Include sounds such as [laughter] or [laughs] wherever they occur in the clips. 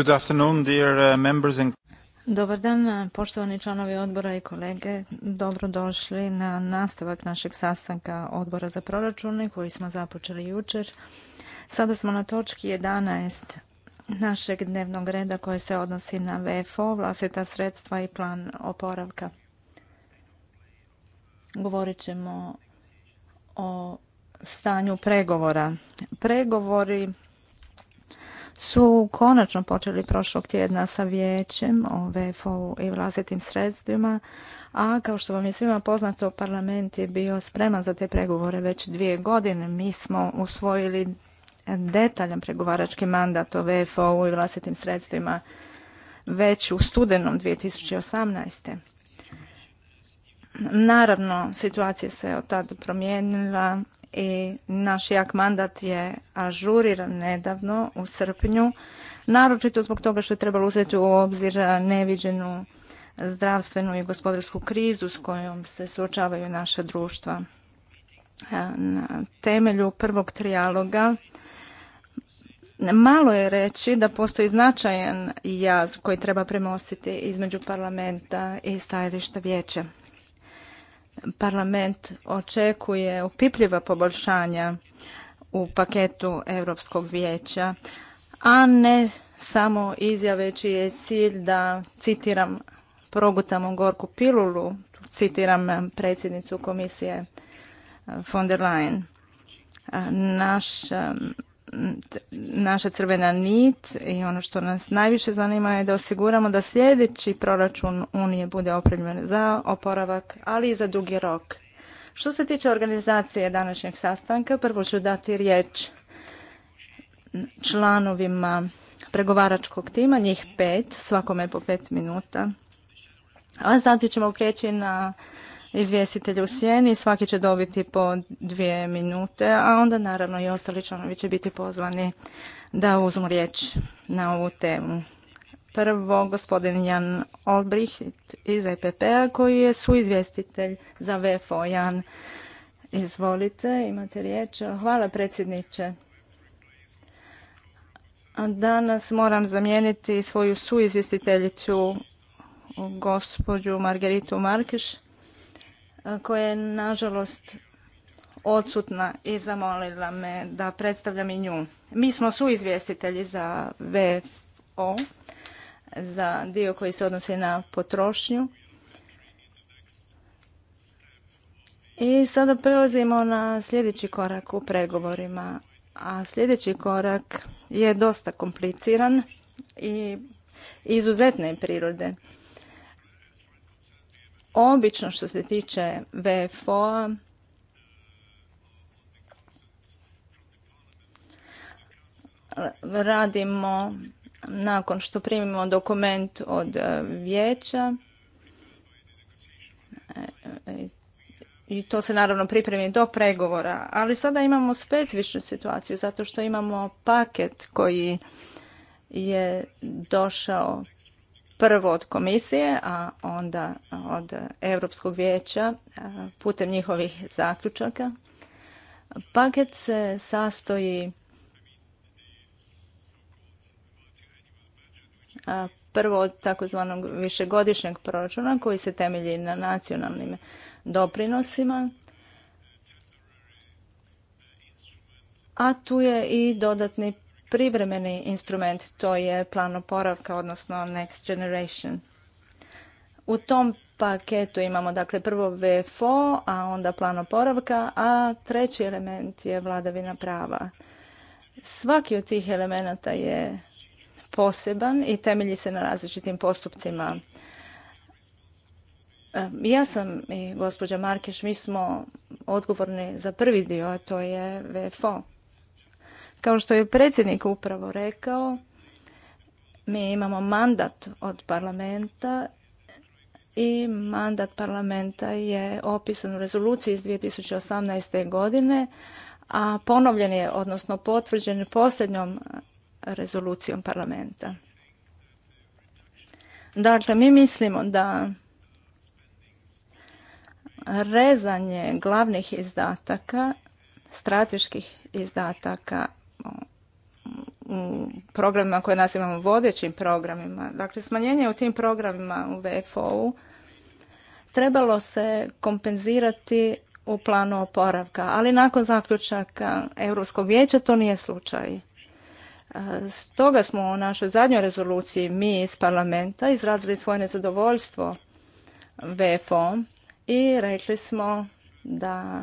Good afternoon, dear uh, members and... Dobar dan, poštovani članovi odbora i kolege. Dobro došli na nastavak našeg sastanka odbora za proračune koji smo započeli jučer. Sada smo na točki 11 našeg dnevnog reda koji se odnosi na VFO, vlastita sredstva i plan oporavka. Govorit ćemo o stanju pregovora. Pregovori su konačno počeli prošlog tjedna sa vijećem o VFO i vlastitim sredstvima, a kao što vam je svima poznato, parlament je bio spreman za te pregovore već dvije godine. Mi smo usvojili detaljan pregovarački mandat o VFO i vlastitim sredstvima već u studenom 2018. Naravno, situacija se od tada promijenila, i naš jak mandat je ažuriran nedavno u srpnju, naročito zbog toga što je trebalo uzeti u obzir neviđenu zdravstvenu i gospodarsku krizu s kojom se suočavaju naša društva. Na temelju prvog trijaloga malo je reći da postoji značajan jaz koji treba premostiti između parlamenta i stajališta vijeća. Parlament očekuje upipljiva poboljšanja u paketu Europskog vijeća, a ne samo izjave čiji je cilj da, citiram, progutamo gorku pilulu, citiram predsjednicu komisije von der Leyen. Naš naša crvena nit i ono što nas najviše zanima je da osiguramo da sljedeći proračun Unije bude opremljen za oporavak, ali i za dugi rok. Što se tiče organizacije današnjeg sastanka, prvo ću dati riječ članovima pregovaračkog tima, njih pet, svakome po pet minuta. A zatim ćemo prijeći na Izvjestitelj u sjeni, svaki će dobiti po dvije minute, a onda naravno i ostali članovi će biti pozvani da uzmu riječ na ovu temu. Prvo gospodin Jan Olbricht iz EPP-a koji je suizvjestitelj za VFO. Jan, izvolite, imate riječ. Hvala predsjedniče. Danas moram zamijeniti svoju suizvjestiteljicu gospođu Margeritu Markeš koja je nažalost odsutna i zamolila me da predstavljam i nju. Mi smo suizvjestitelji za VFO, za dio koji se odnosi na potrošnju. I sada prelazimo na sljedeći korak u pregovorima. A sljedeći korak je dosta kompliciran i izuzetne prirode obično što se tiče VFO-a radimo nakon što primimo dokument od e, vijeća e, i to se naravno pripremi do pregovora, ali sada imamo specifičnu situaciju zato što imamo paket koji je došao prvo od komisije, a onda od Europskog vijeća putem njihovih zaključaka. Paket se sastoji prvo od takozvanog višegodišnjeg proračuna koji se temelji na nacionalnim doprinosima, a tu je i dodatni privremeni instrument, to je plan oporavka, odnosno Next Generation. U tom paketu imamo dakle prvo VFO, a onda plan oporavka, a treći element je vladavina prava. Svaki od tih elemenata je poseban i temelji se na različitim postupcima. Ja sam i gospođa Markeš, mi smo odgovorni za prvi dio, a to je VFO. Kao što je predsjednik upravo rekao, mi imamo mandat od parlamenta i mandat parlamenta je opisan u rezoluciji iz 2018. godine, a ponovljen je, odnosno potvrđen posljednjom rezolucijom parlamenta. Dakle, mi mislimo da rezanje glavnih izdataka, strateških izdataka programima koje nazivamo vodećim programima. Dakle, smanjenje u tim programima u VFO-u trebalo se kompenzirati u planu oporavka, ali nakon zaključaka Europskog vijeća to nije slučaj. E, stoga smo u našoj zadnjoj rezoluciji mi iz parlamenta izrazili svoje nezadovoljstvo VFO i rekli smo da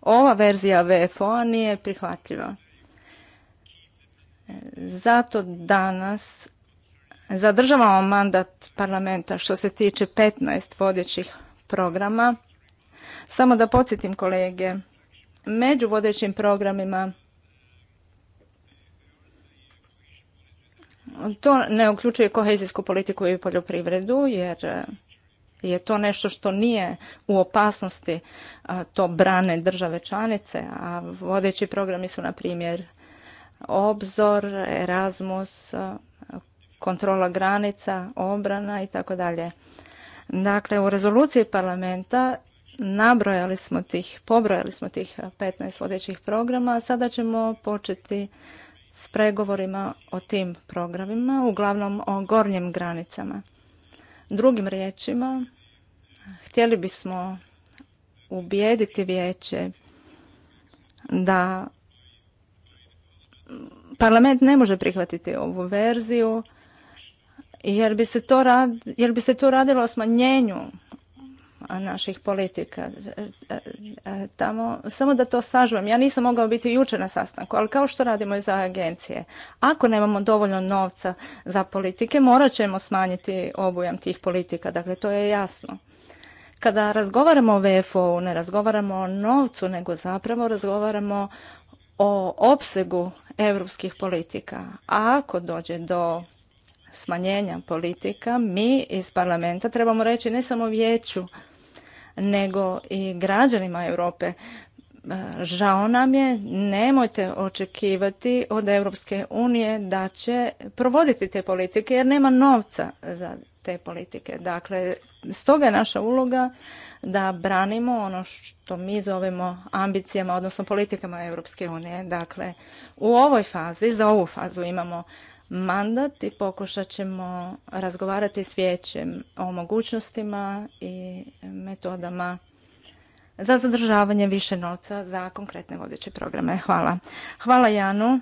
ova verzija vfo nije prihvatljiva. Zato danas zadržavamo mandat parlamenta što se tiče 15 vodećih programa. Samo da podsjetim kolege, među vodećim programima to ne uključuje kohezijsku politiku i poljoprivredu jer je to nešto što nije u opasnosti, to brane države članice, a vodeći programi su na primjer obzor, Erasmus, kontrola granica, obrana i tako dalje. Dakle, u rezoluciji parlamenta nabrojali smo tih, pobrojali smo tih 15 vodećih programa, a sada ćemo početi s pregovorima o tim programima, uglavnom o gornjim granicama. Drugim riječima, htjeli bismo ubijediti vijeće da Parlament ne može prihvatiti ovu verziju jer bi se to, rad, jer bi se to radilo o smanjenju naših politika. Tamo, samo da to sažujem, ja nisam mogao biti jučer na sastanku, ali kao što radimo i za agencije, ako nemamo dovoljno novca za politike, morat ćemo smanjiti obujam tih politika, dakle to je jasno. Kada razgovaramo o VFO-u, ne razgovaramo o novcu, nego zapravo razgovaramo o opsegu europskih politika. A ako dođe do smanjenja politika, mi iz parlamenta trebamo reći ne samo vijeću, nego i građanima Europe. E, žao nam je, nemojte očekivati od Europske unije da će provoditi te politike jer nema novca za te politike. Dakle, stoga je naša uloga da branimo ono što mi zovemo ambicijama, odnosno politikama Europske unije. Dakle, u ovoj fazi, za ovu fazu imamo mandat i pokušat ćemo razgovarati s vijećem o mogućnostima i metodama za zadržavanje više novca za konkretne vodeće programe. Hvala. Hvala Janu.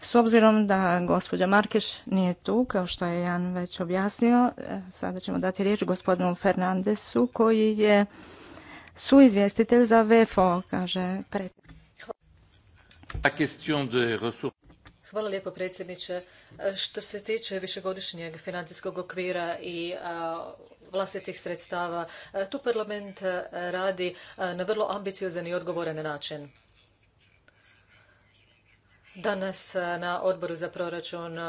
S obzirom da gospođa Markeš nije tu, kao što je Jan već objasnio, e, sada ćemo dati riječ gospodinu Fernandesu koji je suizvjestitelj za VFO, kaže predsjednik. Hvala lijepo predsjedniče. Što se tiče višegodišnjeg financijskog okvira i vlastitih sredstava, tu parlament radi na vrlo ambiciozan i odgovoran način. Danas e, na odboru za proračun e,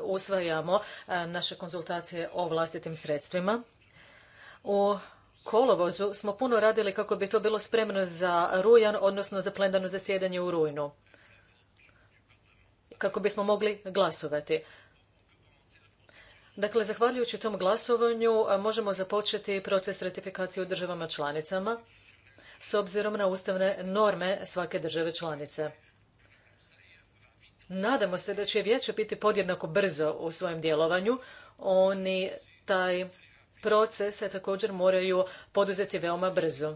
usvajamo e, naše konzultacije o vlastitim sredstvima. U kolovozu smo puno radili kako bi to bilo spremno za rujan, odnosno za plenarno zasjedanje u rujnu. Kako bismo mogli glasovati. Dakle, zahvaljujući tom glasovanju možemo započeti proces ratifikacije u državama članicama s obzirom na ustavne norme svake države članice. Nadamo se da će vijeće biti podjednako brzo u svojem djelovanju. Oni taj proces se također moraju poduzeti veoma brzo.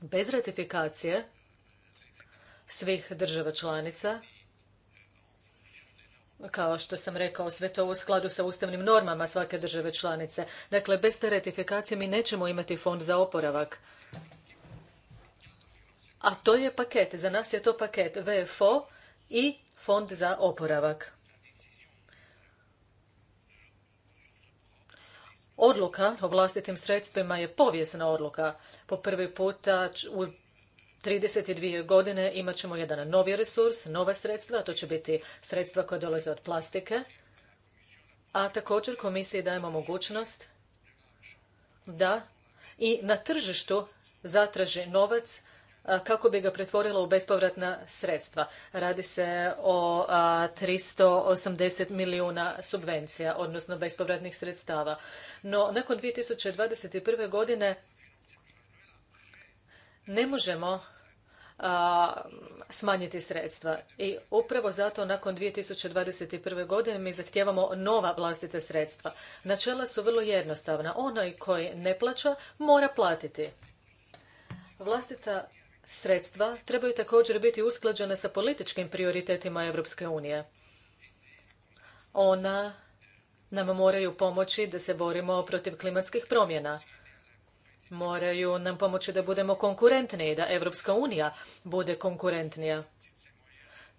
Bez ratifikacije svih država članica, kao što sam rekao, sve to u skladu sa ustavnim normama svake države članice. Dakle, bez te ratifikacije mi nećemo imati fond za oporavak. A to je paket, za nas je to paket VFO i fond za oporavak. Odluka o vlastitim sredstvima je povijesna odluka. Po prvi puta u 32 godine imat ćemo jedan novi resurs, nova sredstva, a to će biti sredstva koja dolaze od plastike. A također komisiji dajemo mogućnost da i na tržištu zatraži novac kako bi ga pretvorila u bespovratna sredstva. Radi se o 380 milijuna subvencija, odnosno bespovratnih sredstava. No, nakon 2021. godine ne možemo smanjiti sredstva. I upravo zato nakon 2021. godine mi zahtijevamo nova vlastita sredstva. Načela su vrlo jednostavna. Onaj koji ne plaća mora platiti. Vlastita sredstva trebaju također biti usklađena sa političkim prioritetima Europske unije. Ona nam moraju pomoći da se borimo protiv klimatskih promjena. Moraju nam pomoći da budemo konkurentniji, da Europska unija bude konkurentnija.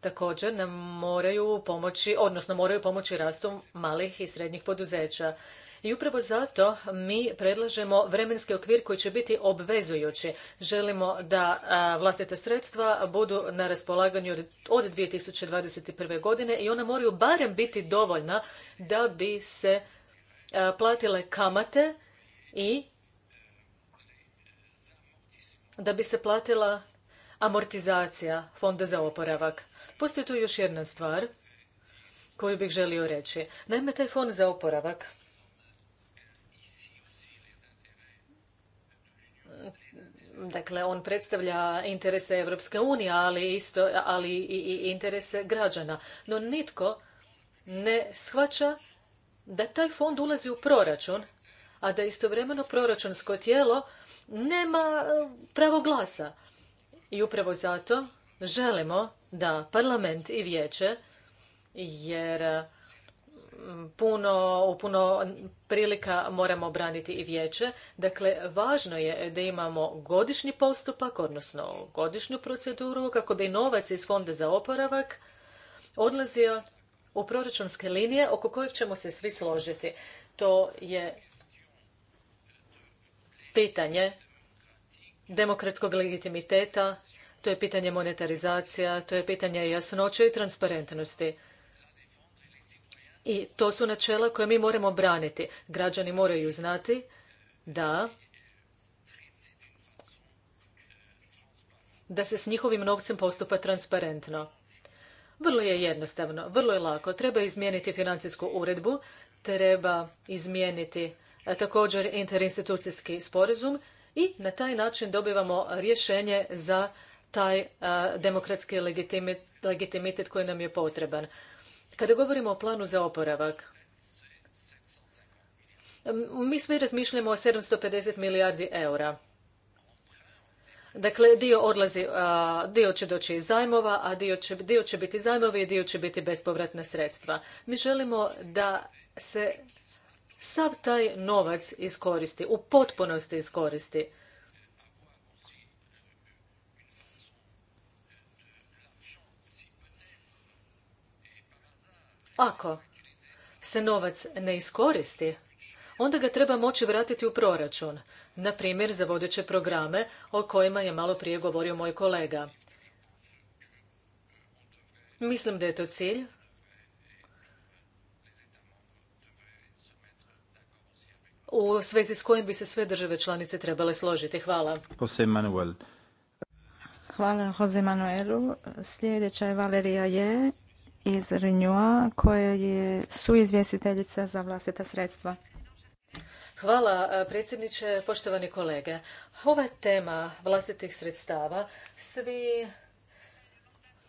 Također nam moraju pomoći, odnosno moraju pomoći rastu malih i srednjih poduzeća. I upravo zato mi predlažemo vremenski okvir koji će biti obvezujući. Želimo da vlastita sredstva budu na raspolaganju od 2021. godine i ona moraju barem biti dovoljna da bi se platile kamate i da bi se platila amortizacija fonda za oporavak. Postoji tu još jedna stvar koju bih želio reći. Naime, taj fond za oporavak Dakle, on predstavlja interese Europske unije, ali, i, i interese građana. No nitko ne shvaća da taj fond ulazi u proračun, a da istovremeno proračunsko tijelo nema e, pravo glasa. I upravo zato želimo da parlament i vijeće, jer puno, u puno prilika moramo braniti i vijeće. Dakle, važno je da imamo godišnji postupak, odnosno godišnju proceduru, kako bi novac iz Fonda za oporavak odlazio u proračunske linije oko kojih ćemo se svi složiti. To je pitanje demokratskog legitimiteta, to je pitanje monetarizacija, to je pitanje jasnoće i transparentnosti. I to su načela koje mi moramo braniti. Građani moraju znati da da se s njihovim novcem postupa transparentno. Vrlo je jednostavno, vrlo je lako. Treba izmijeniti financijsku uredbu, treba izmijeniti e, također interinstitucijski sporazum i na taj način dobivamo rješenje za taj e, demokratski legitimitet koji nam je potreban. Kada govorimo o planu za oporavak, mi svi razmišljamo o 750 milijardi eura. Dakle, dio odlazi, dio će doći iz zajmova, a dio će, dio će biti zajmovi i dio će biti bespovratna sredstva. Mi želimo da se sav taj novac iskoristi, u potpunosti iskoristi. Ako se novac ne iskoristi, onda ga treba moći vratiti u proračun, na primjer za vodeće programe o kojima je malo prije govorio moj kolega. Mislim da je to cilj u svezi s kojim bi se sve države članice trebale složiti. Hvala. Hvala Jose Manuelu. Sljedeća je Valerija Je iz Renua, koja je suizvjestiteljica za vlastita sredstva. Hvala e, predsjedniče, poštovani kolege. Ova tema vlastitih sredstava svi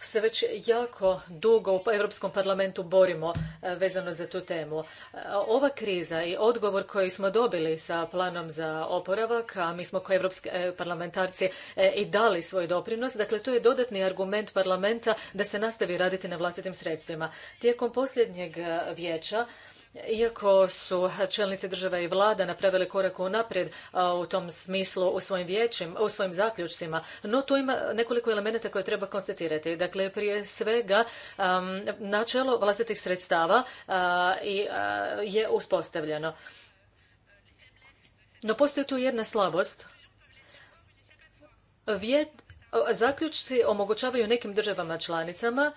se već jako dugo u Europskom parlamentu borimo e, vezano za tu temu. E, ova kriza i odgovor koji smo dobili sa planom za oporavak, a mi smo kao europski e, parlamentarci i dali svoj doprinos, dakle to je dodatni argument parlamenta da se nastavi raditi na vlastitim sredstvima. Tijekom posljednjeg vijeća iako su čelnici države i vlada napravili korak unaprijed u tom smislu u svojim u svojim zaključcima, no tu ima nekoliko elemenata koje treba konstatirati. Dakle, prije svega načelo vlastitih sredstava je uspostavljeno. No postoji tu jedna slabost. Vjet, zaključci omogućavaju nekim državama članicama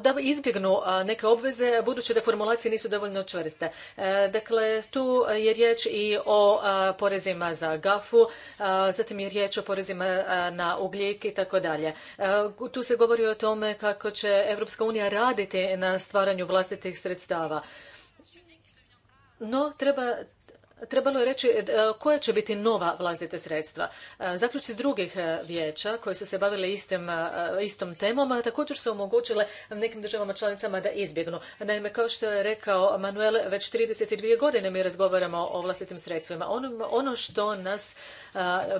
da izbjegnu neke obveze budući da formulacije nisu dovoljno čvrste. E, dakle, tu je riječ i o porezima za gafu, zatim je riječ o porezima na ugljik i tako dalje. E, tu se govori o tome kako će Evropska unija raditi na stvaranju vlastitih sredstava. No, treba trebalo je reći e, e, koja će biti nova vlastita sredstva. E, zaključci drugih vijeća koji su se bavili istim, istom temom također su omogućile nekim državama članicama da izbjegnu. Naime, kao što je rekao Manuel, već 32 godine mi razgovaramo o vlastitim sredstvima. Ono, ono što nas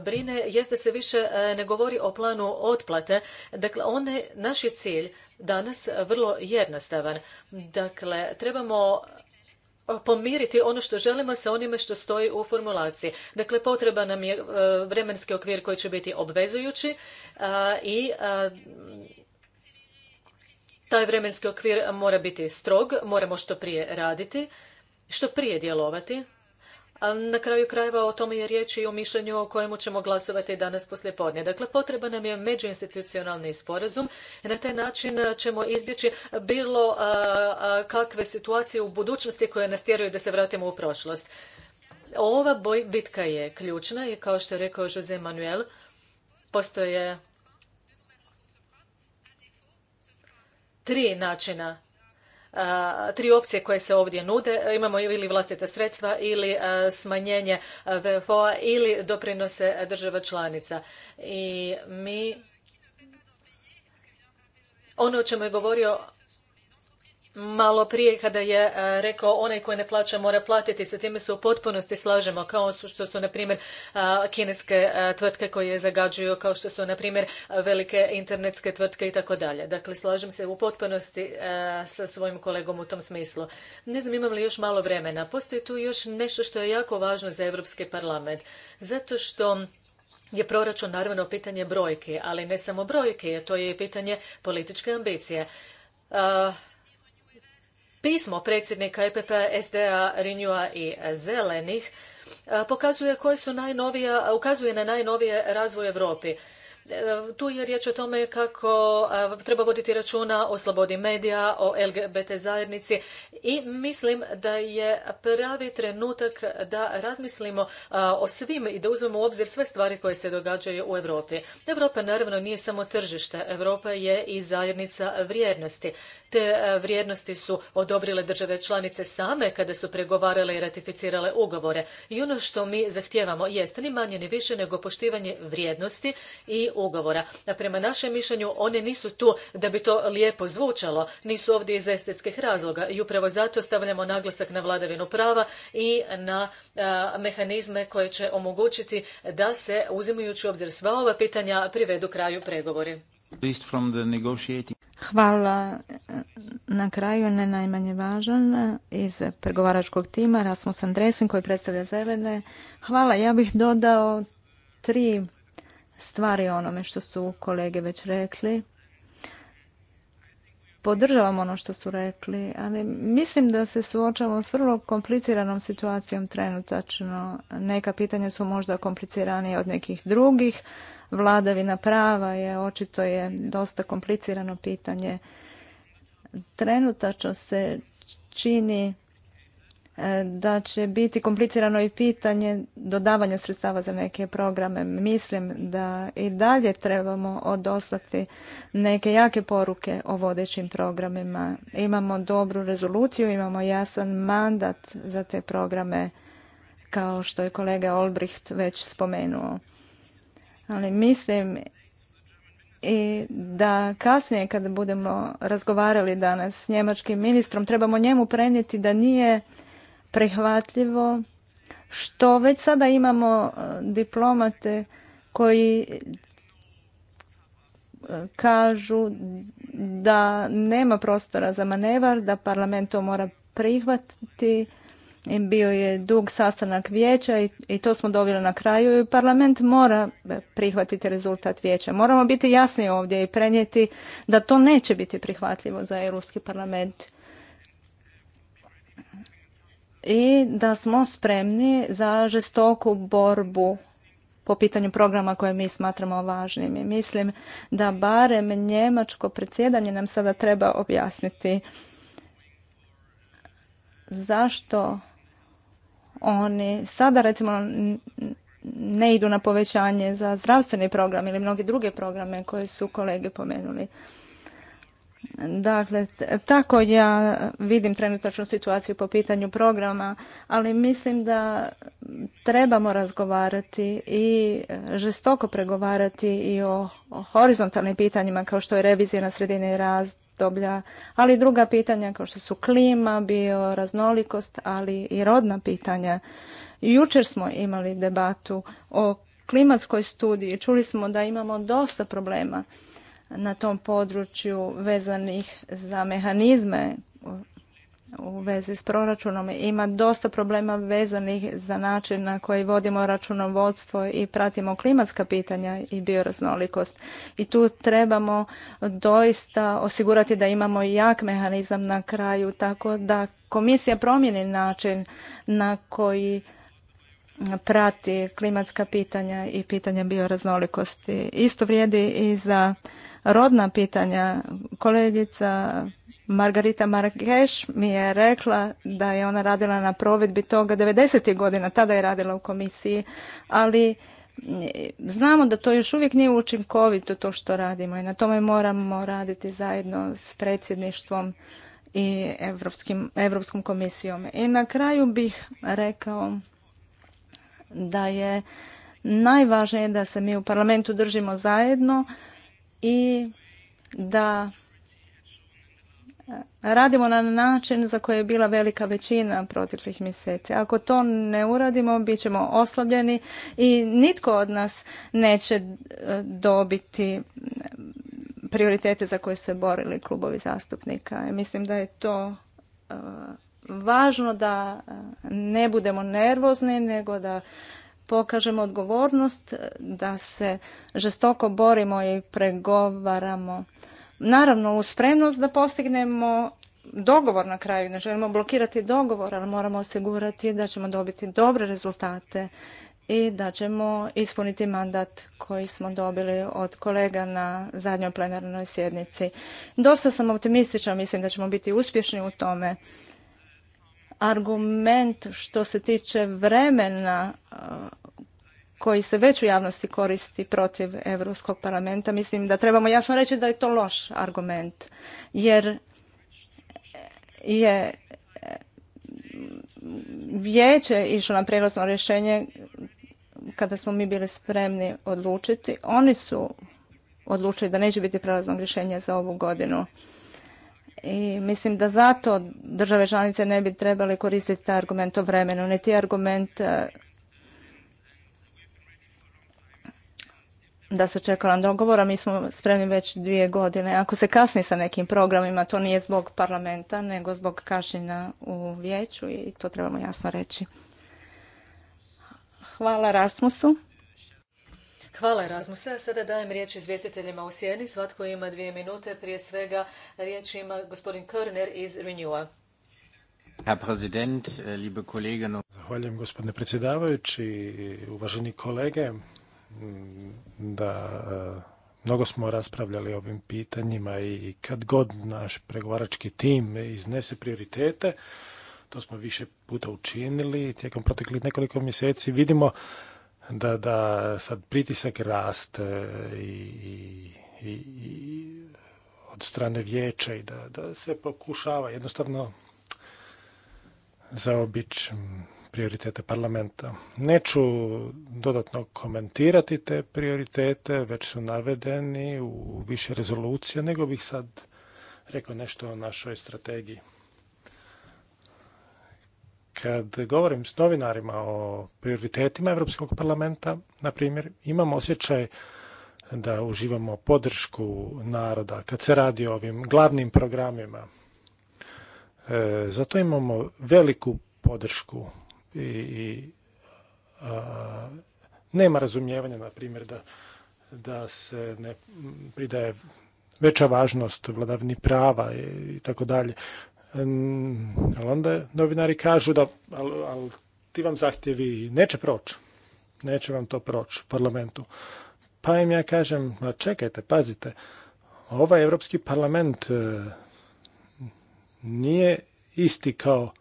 brine je da se više ne govori o planu otplate. Dakle, one, naš je cilj danas vrlo jednostavan. Dakle, trebamo pomiriti ono što želimo sa onime što stoji u formulaciji. Dakle, potreba nam je e, vremenski okvir koji će biti obvezujući e, i e, taj vremenski okvir mora biti strog, moramo što prije raditi, što prije djelovati na kraju krajeva o tome je riječ i o mišljenju o kojemu ćemo glasovati danas poslijepodne. Dakle, potreban nam je međuinstitucionalni sporazum. Na taj način ćemo izbjeći bilo kakve situacije u budućnosti koje nas tjeraju da se vratimo u prošlost. Ova boj, bitka je ključna i kao što je rekao Jose Manuel, postoje tri načina tri opcije koje se ovdje nude. Imamo ili vlastita sredstva ili smanjenje VFO-a ili doprinose država članica. I mi ono o čemu je govorio malo prije kada je e, rekao onaj koji ne plaća mora platiti, sa time se u potpunosti slažemo, kao što su na primjer e, kineske e, tvrtke koje zagađuju, kao što su na primjer velike internetske tvrtke i tako dalje. Dakle, slažem se u potpunosti sa svojim kolegom u tom smislu. Ne znam imam li još malo vremena. Postoji tu još nešto što je jako važno za Europski parlament. Zato što je proračun naravno pitanje brojke, ali ne samo brojke, to je i pitanje političke ambicije. Pismo predsjednika EPP, SDA, Renewa i Zelenih e, pokazuje koje su ukazuje na najnovije razvoje u Europi. E, tu je riječ o tome kako e, treba voditi računa o slobodi medija, o LGBT zajednici i mislim da je pravi trenutak da razmislimo e, o svim i da uzmemo u obzir sve stvari koje se događaju u Europi. Europa naravno nije samo tržište, Europa je i zajednica vrijednosti. Te vrijednosti su odobrile države članice same kada su pregovarale i ratificirale ugovore. I ono što mi zahtijevamo jest ni manje ni više nego poštivanje vrijednosti i ugovora. prema našem mišljenju one nisu tu da bi to lijepo zvučalo, nisu ovdje iz estetskih razloga i upravo zato stavljamo naglasak na vladavinu prava i na mehanizme koje će omogućiti da se uzimajući u obzir sva ova pitanja privedu kraju pregovori. Hvala e, na kraju, ne najmanje važan, e, iz pregovaračkog tima Rasmus Andresen koji predstavlja zelene. Hvala, ja bih dodao tri stvari onome što su kolege već rekli. Podržavam ono što su rekli, ali mislim da se suočavamo s vrlo kompliciranom situacijom trenutačno. Neka pitanja su možda kompliciranije od nekih drugih. Vladavina prava je očito je dosta komplicirano pitanje. Trenutačno se čini E, da će biti komplicirano i pitanje dodavanja sredstava za neke programe. Mislim da i dalje trebamo odostati neke jake poruke o vodećim programima. Imamo dobru rezoluciju, imamo jasan mandat za te programe kao što je kolega Olbricht već spomenuo. Ali mislim i da kasnije kada budemo razgovarali danas s njemačkim ministrom trebamo njemu prenijeti da nije prihvatljivo što već sada imamo e, diplomate koji e, kažu da nema prostora za manevar, da parlament to mora prihvatiti. Bio je dug sastanak vijeća i to smo dobili na kraju i parlament mora e, prihvatiti rezultat vijeća. Moramo biti jasni ovdje i prenijeti da to neće biti prihvatljivo za Europski parlament i da smo spremni za žestoku borbu po pitanju programa koje mi smatramo važnim. I mislim da barem njemačko predsjedanje nam sada treba objasniti zašto oni sada recimo ne idu na povećanje za zdravstveni program ili mnoge druge programe koje su kolege pomenuli. Dakle, tako ja vidim trenutačnu situaciju po pitanju programa, ali mislim da trebamo razgovarati i e, žestoko pregovarati i o, o horizontalnim pitanjima kao što je revizija na sredini razdoblja, ali i druga pitanja kao što su klima, bioraznolikost, ali i rodna pitanja. Jučer smo imali debatu o klimatskoj studiji. Čuli smo da imamo dosta problema na tom području vezanih za mehanizme u vezi s proračunom. Ima dosta problema vezanih za način na koji vodimo računovodstvo i pratimo klimatska pitanja i bioraznolikost. I tu trebamo doista osigurati da imamo jak mehanizam na kraju, tako da komisija promijeni način na koji prati klimatska pitanja i pitanja bioraznolikosti. Isto vrijedi i za rodna pitanja. Kolegica Margarita Markeš mi je rekla da je ona radila na provedbi toga 90. godina, tada je radila u komisiji, ali mm, znamo da to još uvijek nije učinkovito to što radimo i na tome moramo raditi zajedno s predsjedništvom i Evropskim, Evropskom komisijom. I na kraju bih rekao da je najvažnije da se mi u parlamentu držimo zajedno, i da e, radimo na način za koji je bila velika većina proteklih mjeseci. Ako to ne uradimo, bit ćemo oslabljeni i nitko od nas neće e, dobiti prioritete za koje su se borili klubovi zastupnika. Mislim da je to e, važno da ne budemo nervozni, nego da pokažemo odgovornost, eh, da se žestoko borimo i pregovaramo. Naravno, u spremnost da postignemo dogovor na kraju, ne želimo blokirati dogovor, ali moramo osigurati da ćemo dobiti dobre rezultate i da ćemo ispuniti mandat koji smo dobili od kolega na zadnjoj plenarnoj sjednici. Dosta sam optimistična, mislim da ćemo biti uspješni u tome argument što se tiče vremena koji se već u javnosti koristi protiv Europskog parlamenta, mislim da trebamo jasno reći da je to loš argument, jer je vijeće išlo na prijelazno rješenje kada smo mi bili spremni odlučiti. Oni su odlučili da neće biti prijelaznog rješenja za ovu godinu. I mislim da zato države članice ne bi trebali koristiti taj argument o vremenu, niti argument e, da se čekala na dogovora. Mi smo spremni već dvije godine. Ako se kasni sa nekim programima, to nije zbog parlamenta, nego zbog kašnjenja u vijeću i to trebamo jasno reći. Hvala Rasmusu. Hvala Sada dajem riječ izvjestiteljima u sjeni. Svatko ima dvije minute. Prije svega riječ ima gospodin Körner iz Renewa. Äh, Zahvaljujem gospodine predsjedavajući, uvaženi kolege, da e, mnogo smo raspravljali o ovim pitanjima i kad god naš pregovarački tim iznese prioritete, to smo više puta učinili tijekom proteklih nekoliko mjeseci, vidimo da, da sad pritisak raste i, i, od strane vijeća i da, da se pokušava jednostavno zaobići mm, prioritete parlamenta. Neću dodatno komentirati te prioritete, već su navedeni u više rezolucija, nego bih sad rekao nešto o našoj strategiji. Kad govorim s novinarima o prioritetima Europskog parlamenta, na primjer, imam osjećaj da uživamo podršku naroda kad se radi o ovim glavnim programima. E, zato imamo veliku podršku i, nema razumijevanja, na primjer, da, da se ne pridaje veća važnost vladavni prava i tako dalje ali onda novinari kažu da ali, ti vam zahtjevi neće proći. Neće vam to proći u parlamentu. Pa im ja kažem, a čekajte, pazite, ovaj Europski parlament e, nije isti kao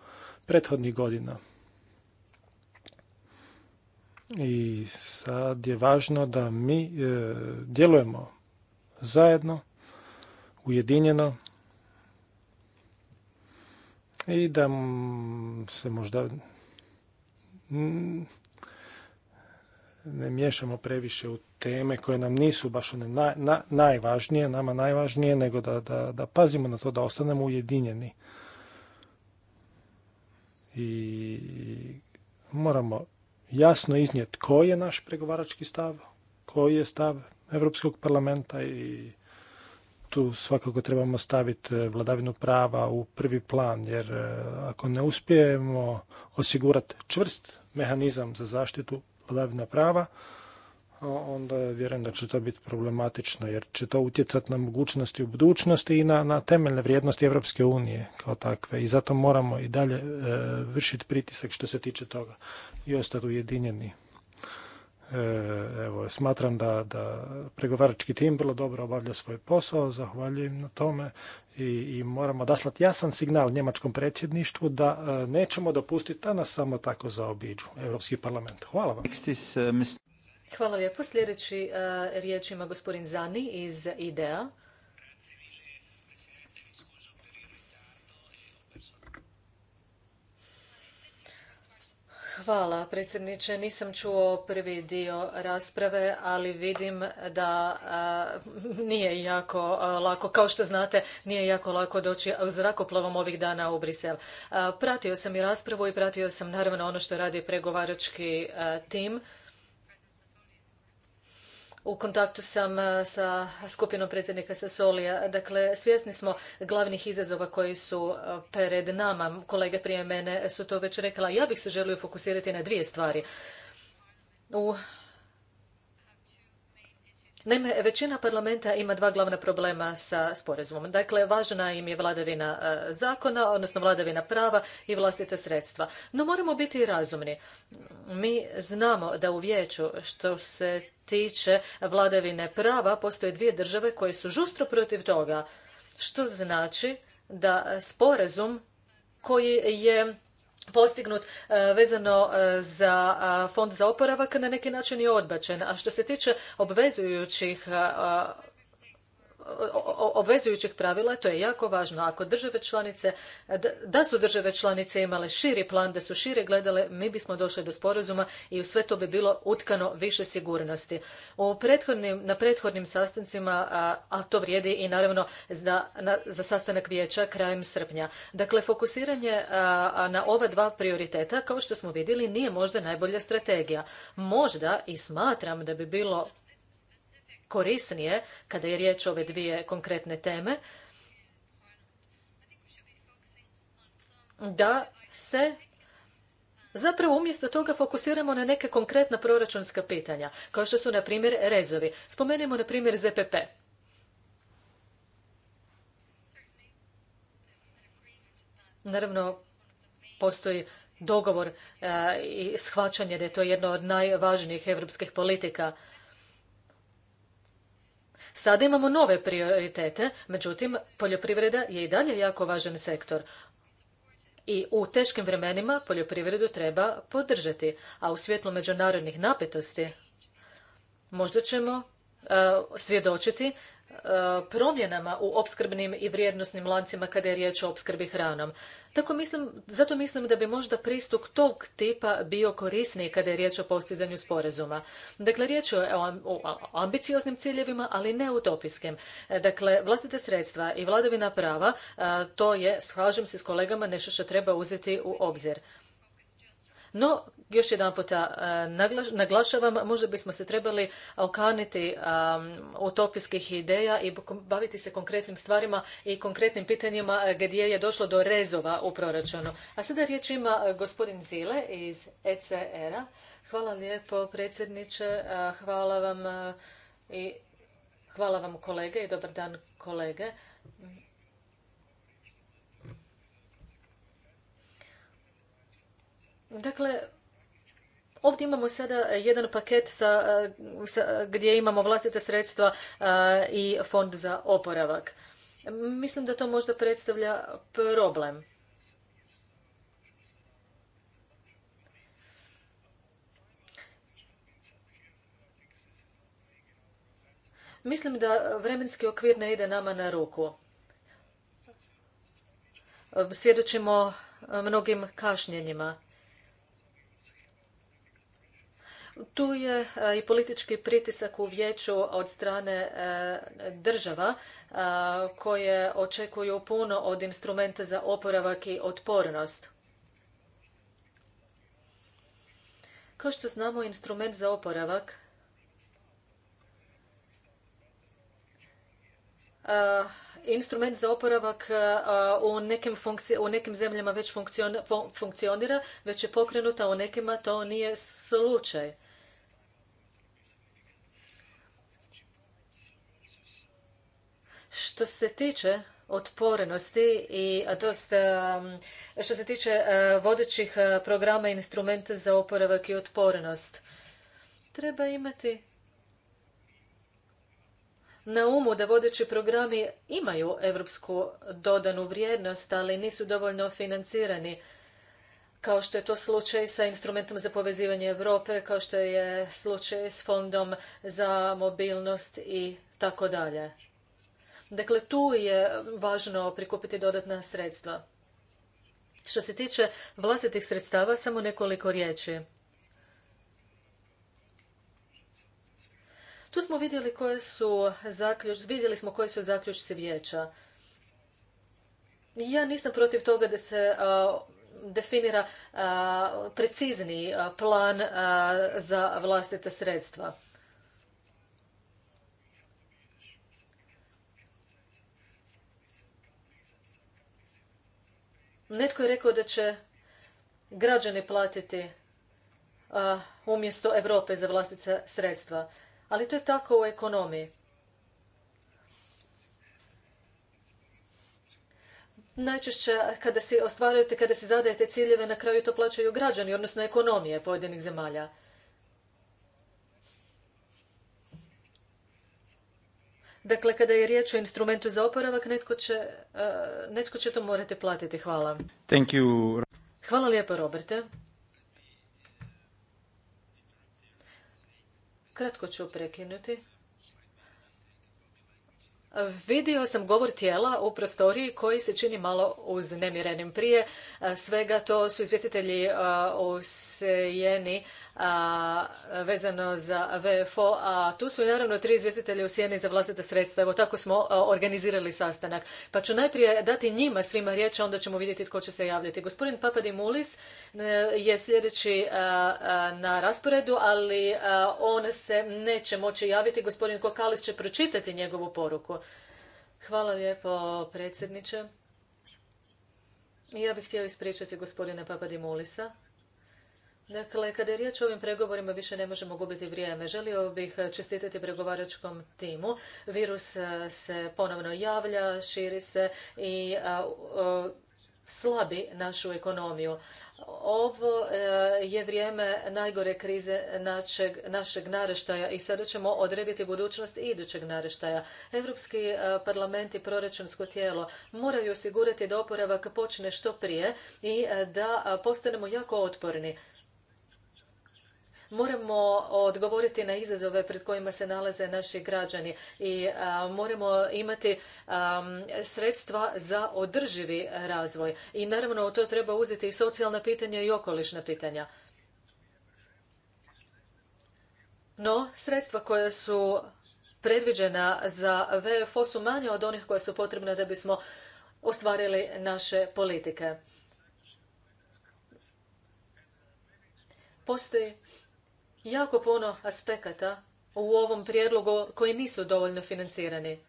prethodnih godina. I sad je važno da mi e, djelujemo zajedno, ujedinjeno, i da se možda ne miješamo previše u teme koje nam nisu baš one najvažnije, nama najvažnije, nego da, da, da pazimo na to da ostanemo ujedinjeni. I moramo jasno iznijeti koji je naš pregovarački stav, koji je stav Europskog parlamenta i tu svakako trebamo staviti e, vladavinu prava u prvi plan, jer e, ako ne uspijemo osigurati čvrst mehanizam za zaštitu vladavina prava, onda vjerujem da će to biti problematično, jer će to utjecati na mogućnosti u budućnosti i na, temeljne vrijednosti Europske unije kao takve. I zato moramo i dalje e, vršiti pritisak što se tiče toga i ostati ujedinjeni E, evo, smatram da, da pregovarački tim vrlo dobro obavlja svoj posao, zahvaljujem na tome i, i moramo daslati jasan signal njemačkom predsjedništvu da e, nećemo dopustiti da nas samo tako zaobiđu Europski parlament. Hvala vam. E, Hvala lijepo. Sljedeći riječ ima gospodin Zani iz IDEA. Hvala predsjedniče. Nisam čuo prvi dio rasprave, ali vidim da nije jako lako, kao što znate, nije jako lako doći zrakoplovom ovih dana u Brisel. pratio sam i raspravu i pratio sam naravno ono što radi pregovarački tim u kontaktu sam eh, sa skupinom predsjednika Sasolija. Dakle, svjesni smo glavnih izazova koji su eh, pred nama. Kolege prije mene su to već rekla. Ja bih se želio fokusirati na dvije stvari. Naime, većina parlamenta ima dva glavna problema sa sporazumom. Dakle, važna im je vladavina eh, zakona, odnosno vladavina prava i vlastite sredstva. No moramo biti razumni. Mi znamo da u vijeću što se tiče vladavine prava, postoje dvije države koje su žustro protiv toga, što znači da sporazum koji je postignut e, vezano e, za fond za oporavak na neki način je odbačen. A što se tiče obvezujućih obvezujućih pravila, to je jako važno. Ako države članice, da su države članice imale širi plan, da su šire gledale, mi bismo došli do sporazuma i u sve to bi bilo utkano više sigurnosti. na prethodnim sastancima, a to vrijedi i naravno za, sastanak vijeća krajem srpnja. Dakle, fokusiranje na ova dva prioriteta, kao što smo vidjeli, nije možda najbolja strategija. Možda i smatram da bi bilo korisnije kada je riječ o ove dvije konkretne teme da se Zapravo umjesto toga fokusiramo na neke konkretna proračunska pitanja, kao što su na primjer rezovi. Spomenimo na primjer ZPP. Naravno, postoji dogovor e, i shvaćanje da je to jedna od najvažnijih europskih politika. Sada imamo nove prioritete, međutim, poljoprivreda je i dalje jako važan sektor. I u teškim vremenima poljoprivredu treba podržati, a u svjetlu međunarodnih napetosti možda ćemo e, svjedočiti Eh, promjenama u opskrbnim i vrijednosnim lancima kada je riječ o opskrbi hranom. Tako mislim, zato mislim da bi možda pristup tog tipa bio korisniji kada je riječ o postizanju sporazuma. Dakle, riječ je o ambicioznim ciljevima, ali ne utopijskim. Eh, dakle, vlastite sredstva i vladavina prava, eh, to je, slažem se s kolegama, nešto što treba uzeti u obzir. No, još jedan puta e, naglašavam, možda bismo se trebali okaniti e, utopijskih ideja i baviti se konkretnim stvarima i konkretnim pitanjima e, gdje je došlo do rezova u proračunu. A sada riječ ima gospodin Zile iz ECR-a. Hvala lijepo predsjedniče, hvala vam i hvala vam kolege i dobar dan kolege. Dakle, Ovdje imamo sada jedan paket sa, eh, gdje imamo vlastite sredstva eh, i fond za oporavak. Mislim da to možda predstavlja problem. Mislim da vremenski okvir ne ide nama na ruku. Svjedočimo mnogim kašnjenjima. Tu je e, i politički pritisak u vijeću od strane e, država e, koje očekuju puno od instrumenta za oporavak i otpornost. Kao što znamo, instrument za oporavak instrument za oporavak u nekim, u nekim zemljama već funkcionira, već je pokrenuta, u nekima to nije slučaj. Što se tiče otporenosti i to um, što se tiče uh, vodećih uh, programa i instrumenta za oporavak i otporenost, treba imati na umu da vodeći programi imaju europsku dodanu vrijednost, ali nisu dovoljno financirani kao što je to slučaj sa instrumentom za povezivanje Europe, kao što je slučaj s fondom za mobilnost i tako dalje. Dakle, tu je važno prikupiti dodatna sredstva. Što se tiče vlastitih sredstava, samo nekoliko riječi. Tu smo vidjeli koje su zaključ, vidjeli smo koji su zaključci vijeća. Ja nisam protiv toga da se definira a, precizniji plan za vlastite sredstva. Netko je rekao da će građani platiti umjesto Europe za vlastita sredstva. Ali to je tako u ekonomiji. Najčešće kada si ostvarujete, kada si zadajete ciljeve, na kraju to plaćaju građani, odnosno ekonomije pojedinih zemalja. Dakle, kada je riječ o instrumentu za oporavak, netko će, e, to morati platiti. Hvala. Thank you. Hvala lijepa, Roberte. Kratko ću prekinuti. Vidio sam govor tijela u prostoriji koji se čini malo uznemirenim. Prije e, svega to su izvjetitelji e, u Sijeni vezano za VFO, a tu su naravno tri izvjestitelja u sjeni za vlastita sredstva. Evo tako smo organizirali sastanak. Pa ću najprije dati njima svima riječ, a onda ćemo vidjeti tko će se javljati. Gospodin Papadimulis e, je sljedeći na rasporedu, ali on se neće moći javiti. Gospodin Kokalis će pročitati njegovu poruku. Hvala lijepo, predsjedniče. Ja bih htio ispričati gospodina Papadimulisa Dakle, kada je riječ o ovim pregovorima, više ne možemo gubiti vrijeme. Želio bih čestitati pregovaračkom timu. Virus e, se ponovno javlja, širi se i e, slabi našu ekonomiju. Ovo e, je vrijeme najgore krize našeg, našeg naraštaja i sada ćemo odrediti budućnost idućeg nareštaja. Europski parlament i proračunsko tijelo moraju osigurati da oporavak počne što prije i da postanemo jako otporni moramo odgovoriti na izazove pred kojima se nalaze naši građani i moramo imati sredstva za održivi razvoj. I naravno u to treba uzeti i socijalna pitanja i okolišna pitanja. No, sredstva koja su predviđena za VFO su manja od onih koja su potrebne da bismo ostvarili naše politike. Postoji jako puno aspekata u ovom prijedlogu koji nisu dovoljno financirani.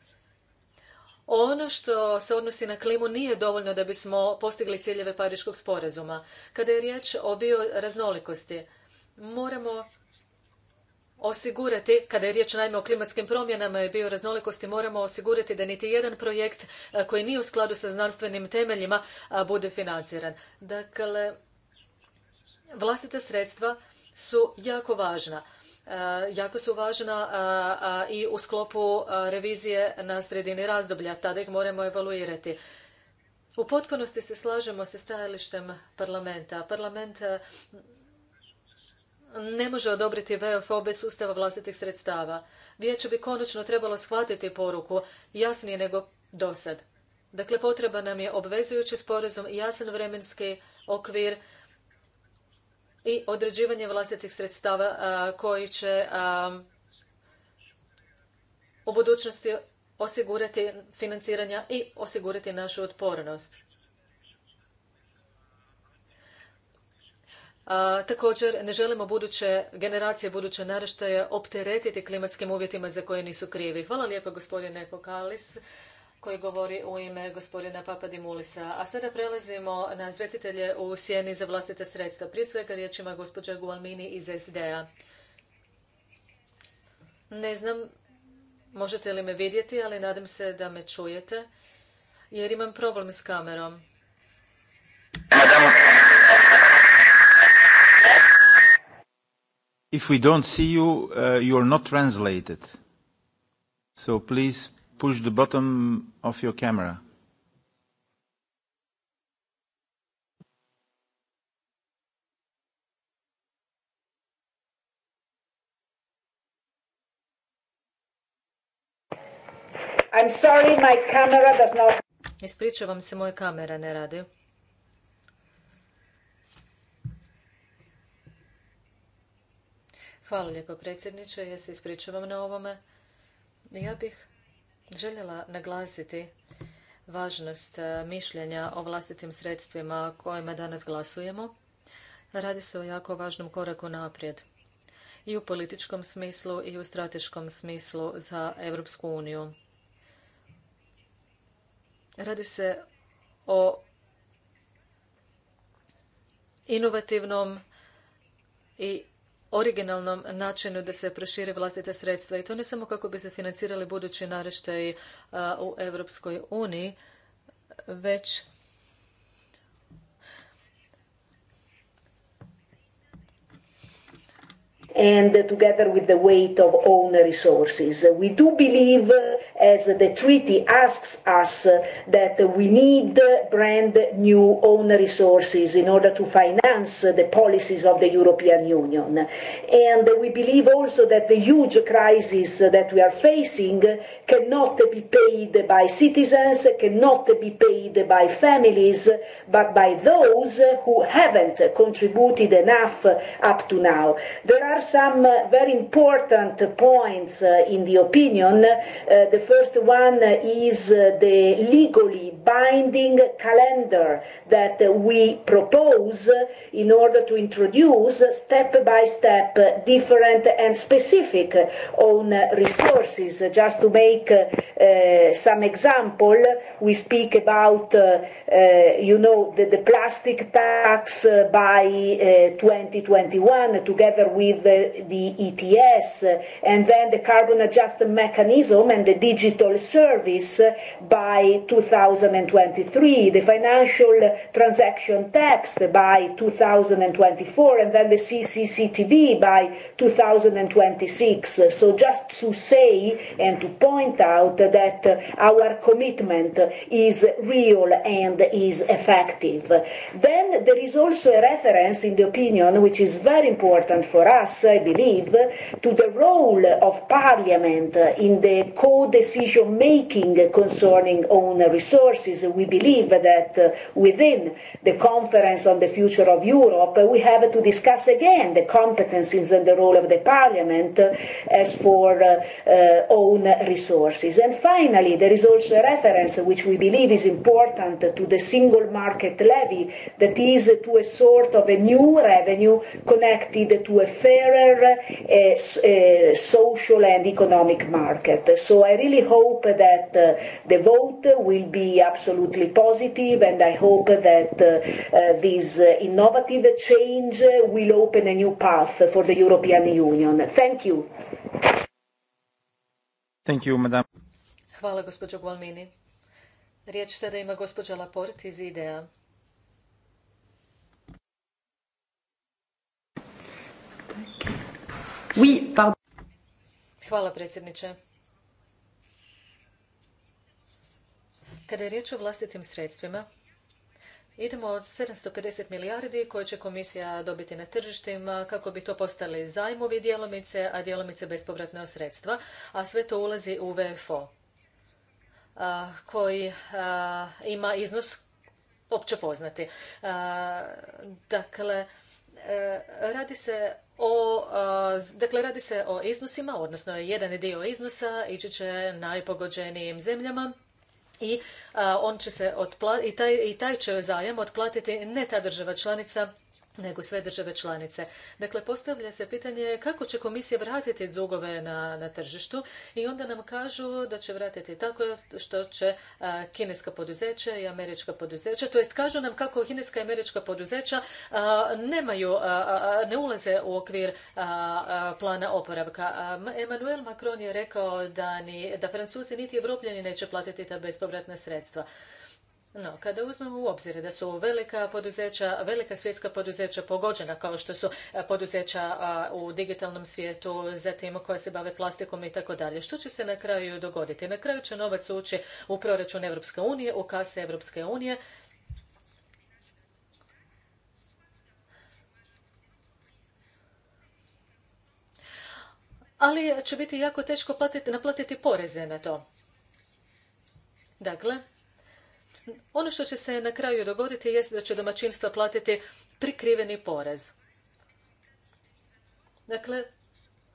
Ono što se odnosi na klimu nije dovoljno da bismo postigli ciljeve Pariškog sporazuma. Kada je riječ o bioraznolikosti, moramo osigurati, kada je riječ najme o klimatskim promjenama i bioraznolikosti, moramo osigurati da niti jedan projekt e, koji nije u skladu sa znanstvenim temeljima bude financiran. Dakle, vlastita sredstva su jako važna. E, jako su važna e, i u sklopu e, revizije na sredini razdoblja. Tada ih moramo evaluirati. U potpunosti se slažemo sa stajalištem parlamenta. Parlament ne može odobriti VFO bez sustava vlastitih sredstava. Vijeće bi konačno trebalo shvatiti poruku jasnije nego dosad. Dakle, potreba nam je obvezujući sporazum, jasan vremenski okvir i određivanje vlastitih sredstava koji će u budućnosti osigurati financiranja i osigurati našu otpornost. također ne želimo buduće generacije, buduće naraštaje opteretiti klimatskim uvjetima za koje nisu krivi. Hvala lijepo gospodine Kokalis koji govori u ime gospodina Papadimulisa. A sada prelazimo na izvjestitelje u sjeni za vlastite sredstva. Prije svega riječima gospođa Gualmini iz SD-a. Ne znam, možete li me vidjeti, ali nadam se da me čujete, jer imam problem s kamerom. If we don't see you, uh, are not translated push the bottom of your camera. I'm sorry, my camera does not... Ispričavam se, moja kamera ne radi. Hvala lijepo predsjedniče, ja se ispričavam na ovome. Ja bih željela naglasiti važnost e, mišljenja o vlastitim sredstvima kojima danas glasujemo. Radi se o jako važnom koraku naprijed i u političkom smislu i u strateškom smislu za Europsku uniju. Radi se o inovativnom i originalnom načinu da se prošire vlastite sredstva i to ne samo kako bi se financirali budući naraštaji u Europskoj uniji, već and uh, together with the weight of own resources. Uh, we do believe, uh, as the treaty asks us, that we need brand new own resources in order to finance the policies of the European Union. And we believe also that the huge crisis that we are facing cannot be paid by citizens, cannot be paid by families, but by those who haven't contributed enough up to now. There are some uh, very important points uh, in the opinion. Uh, the first one is the legally binding calendar that we propose in order to introduce step by step different and specific own resources. Just to make some example, we speak about, you know, the, the plastic tax by 2021 together with the ETS, and then the carbon adjustment mechanism and the digital service by 2023, the financial transaction tax by 2024, and then the CCCTB by 2026. So just to say and to point out that our commitment is real and is effective. Then there is also a reference in the opinion, which is very important for us, i e believe, to the role of Parliament in the co-decision making concerning own resources. We believe that within the Conference on the Future of Europe, we have to discuss again the competencies and the role of the Parliament uh, as for uh, uh, own resources. And finally, there is also a reference which we believe is important to the single market levy that is to a sort of a new revenue connected to a fairer uh, social and economic market. So I really hope that uh, the vote will be absolutely positive and I hope that uh, Eh, eh, this eh, innovative change will open a new path for the European Union. Thank you. Thank you, madam. Hvala, gospođo Gualmini. Riječ da ima gospođa Laport iz IDEA. Oui, Hvala, predsjedniče. Kada je riječ o vlastitim sredstvima, Idemo od 750 milijardi koje će komisija dobiti na tržištima kako bi to postali zajmovi djelomice, a djelomice bespovratna sredstva, a sve to ulazi u VFO koji ima iznos opće poznati. dakle, e, radi se o, dakle, radi se o iznosima, odnosno jedan dio iznosa ići će najpogođenijim zemljama i on će se i taj, i taj će zajam otplatiti ne ta država članica nego sve države članice. Dakle, postavlja se pitanje kako će komisija vratiti dugove na, na tržištu i onda nam kažu da će vratiti tako što će kineska poduzeća i američka poduzeća, to jest kažu nam kako kineska i američka poduzeća nemaju, ne ulaze u okvir plana oporavka. Emmanuel Macron je rekao da, ni, da Francuzi niti Evropljani neće platiti ta bespovratna sredstva. No, kada uzmemo u obzir da su velika poduzeća, velika svjetska poduzeća pogođena kao što su e, poduzeća u digitalnom svijetu, zatim koja se bave plastikom i tako dalje. Što će se na kraju dogoditi? Na kraju će novac ući u proračun Europske unije, u kase Europske unije, ali će biti jako teško naplatiti poreze na to. Dakle, ono što će se na kraju dogoditi jest da će domaćinstva platiti prikriveni porez. Dakle,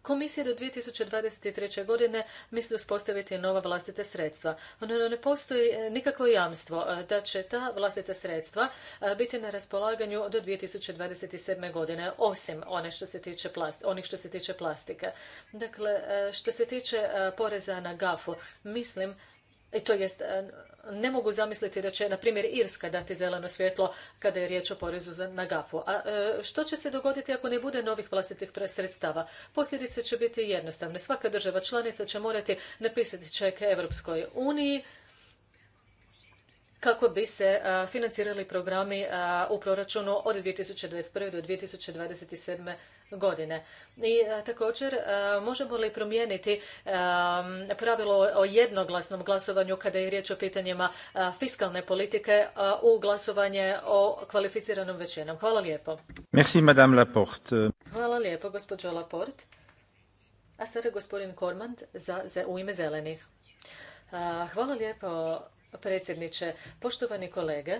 Komisija do 2023. godine misli uspostaviti nova vlastite sredstva. Ono, ne postoji e, nikakvo jamstvo e, da će ta vlastita sredstva e, biti na raspolaganju do 2027. godine, osim one što se tiče onih što se tiče plastike. Dakle, što se tiče poreza na gafu, mislim to jest e, ne mogu zamisliti da će na primjer Irska dati zeleno svjetlo kada je riječ o porezu na gafu. A e, što će se dogoditi ako ne bude novih vlastitih sredstava? Posljedice će biti jednostavne. Svaka država članica će morati napisati ček Europskoj uniji kako bi se e, financirali programi u proračunu od 2021. do 2027 godine. I e, također e, možemo li promijeniti e, pravilo o jednoglasnom glasovanju kada je riječ o pitanjima fiskalne politike u glasovanje o kvalificiranom većinom. Hvala lijepo. Merci, madame Laporte. Hvala lijepo, gospođo Laporte. A sada gospodin Kormand za, za, u ime zelenih. Hvala lijepo, predsjedniče. Poštovani kolege,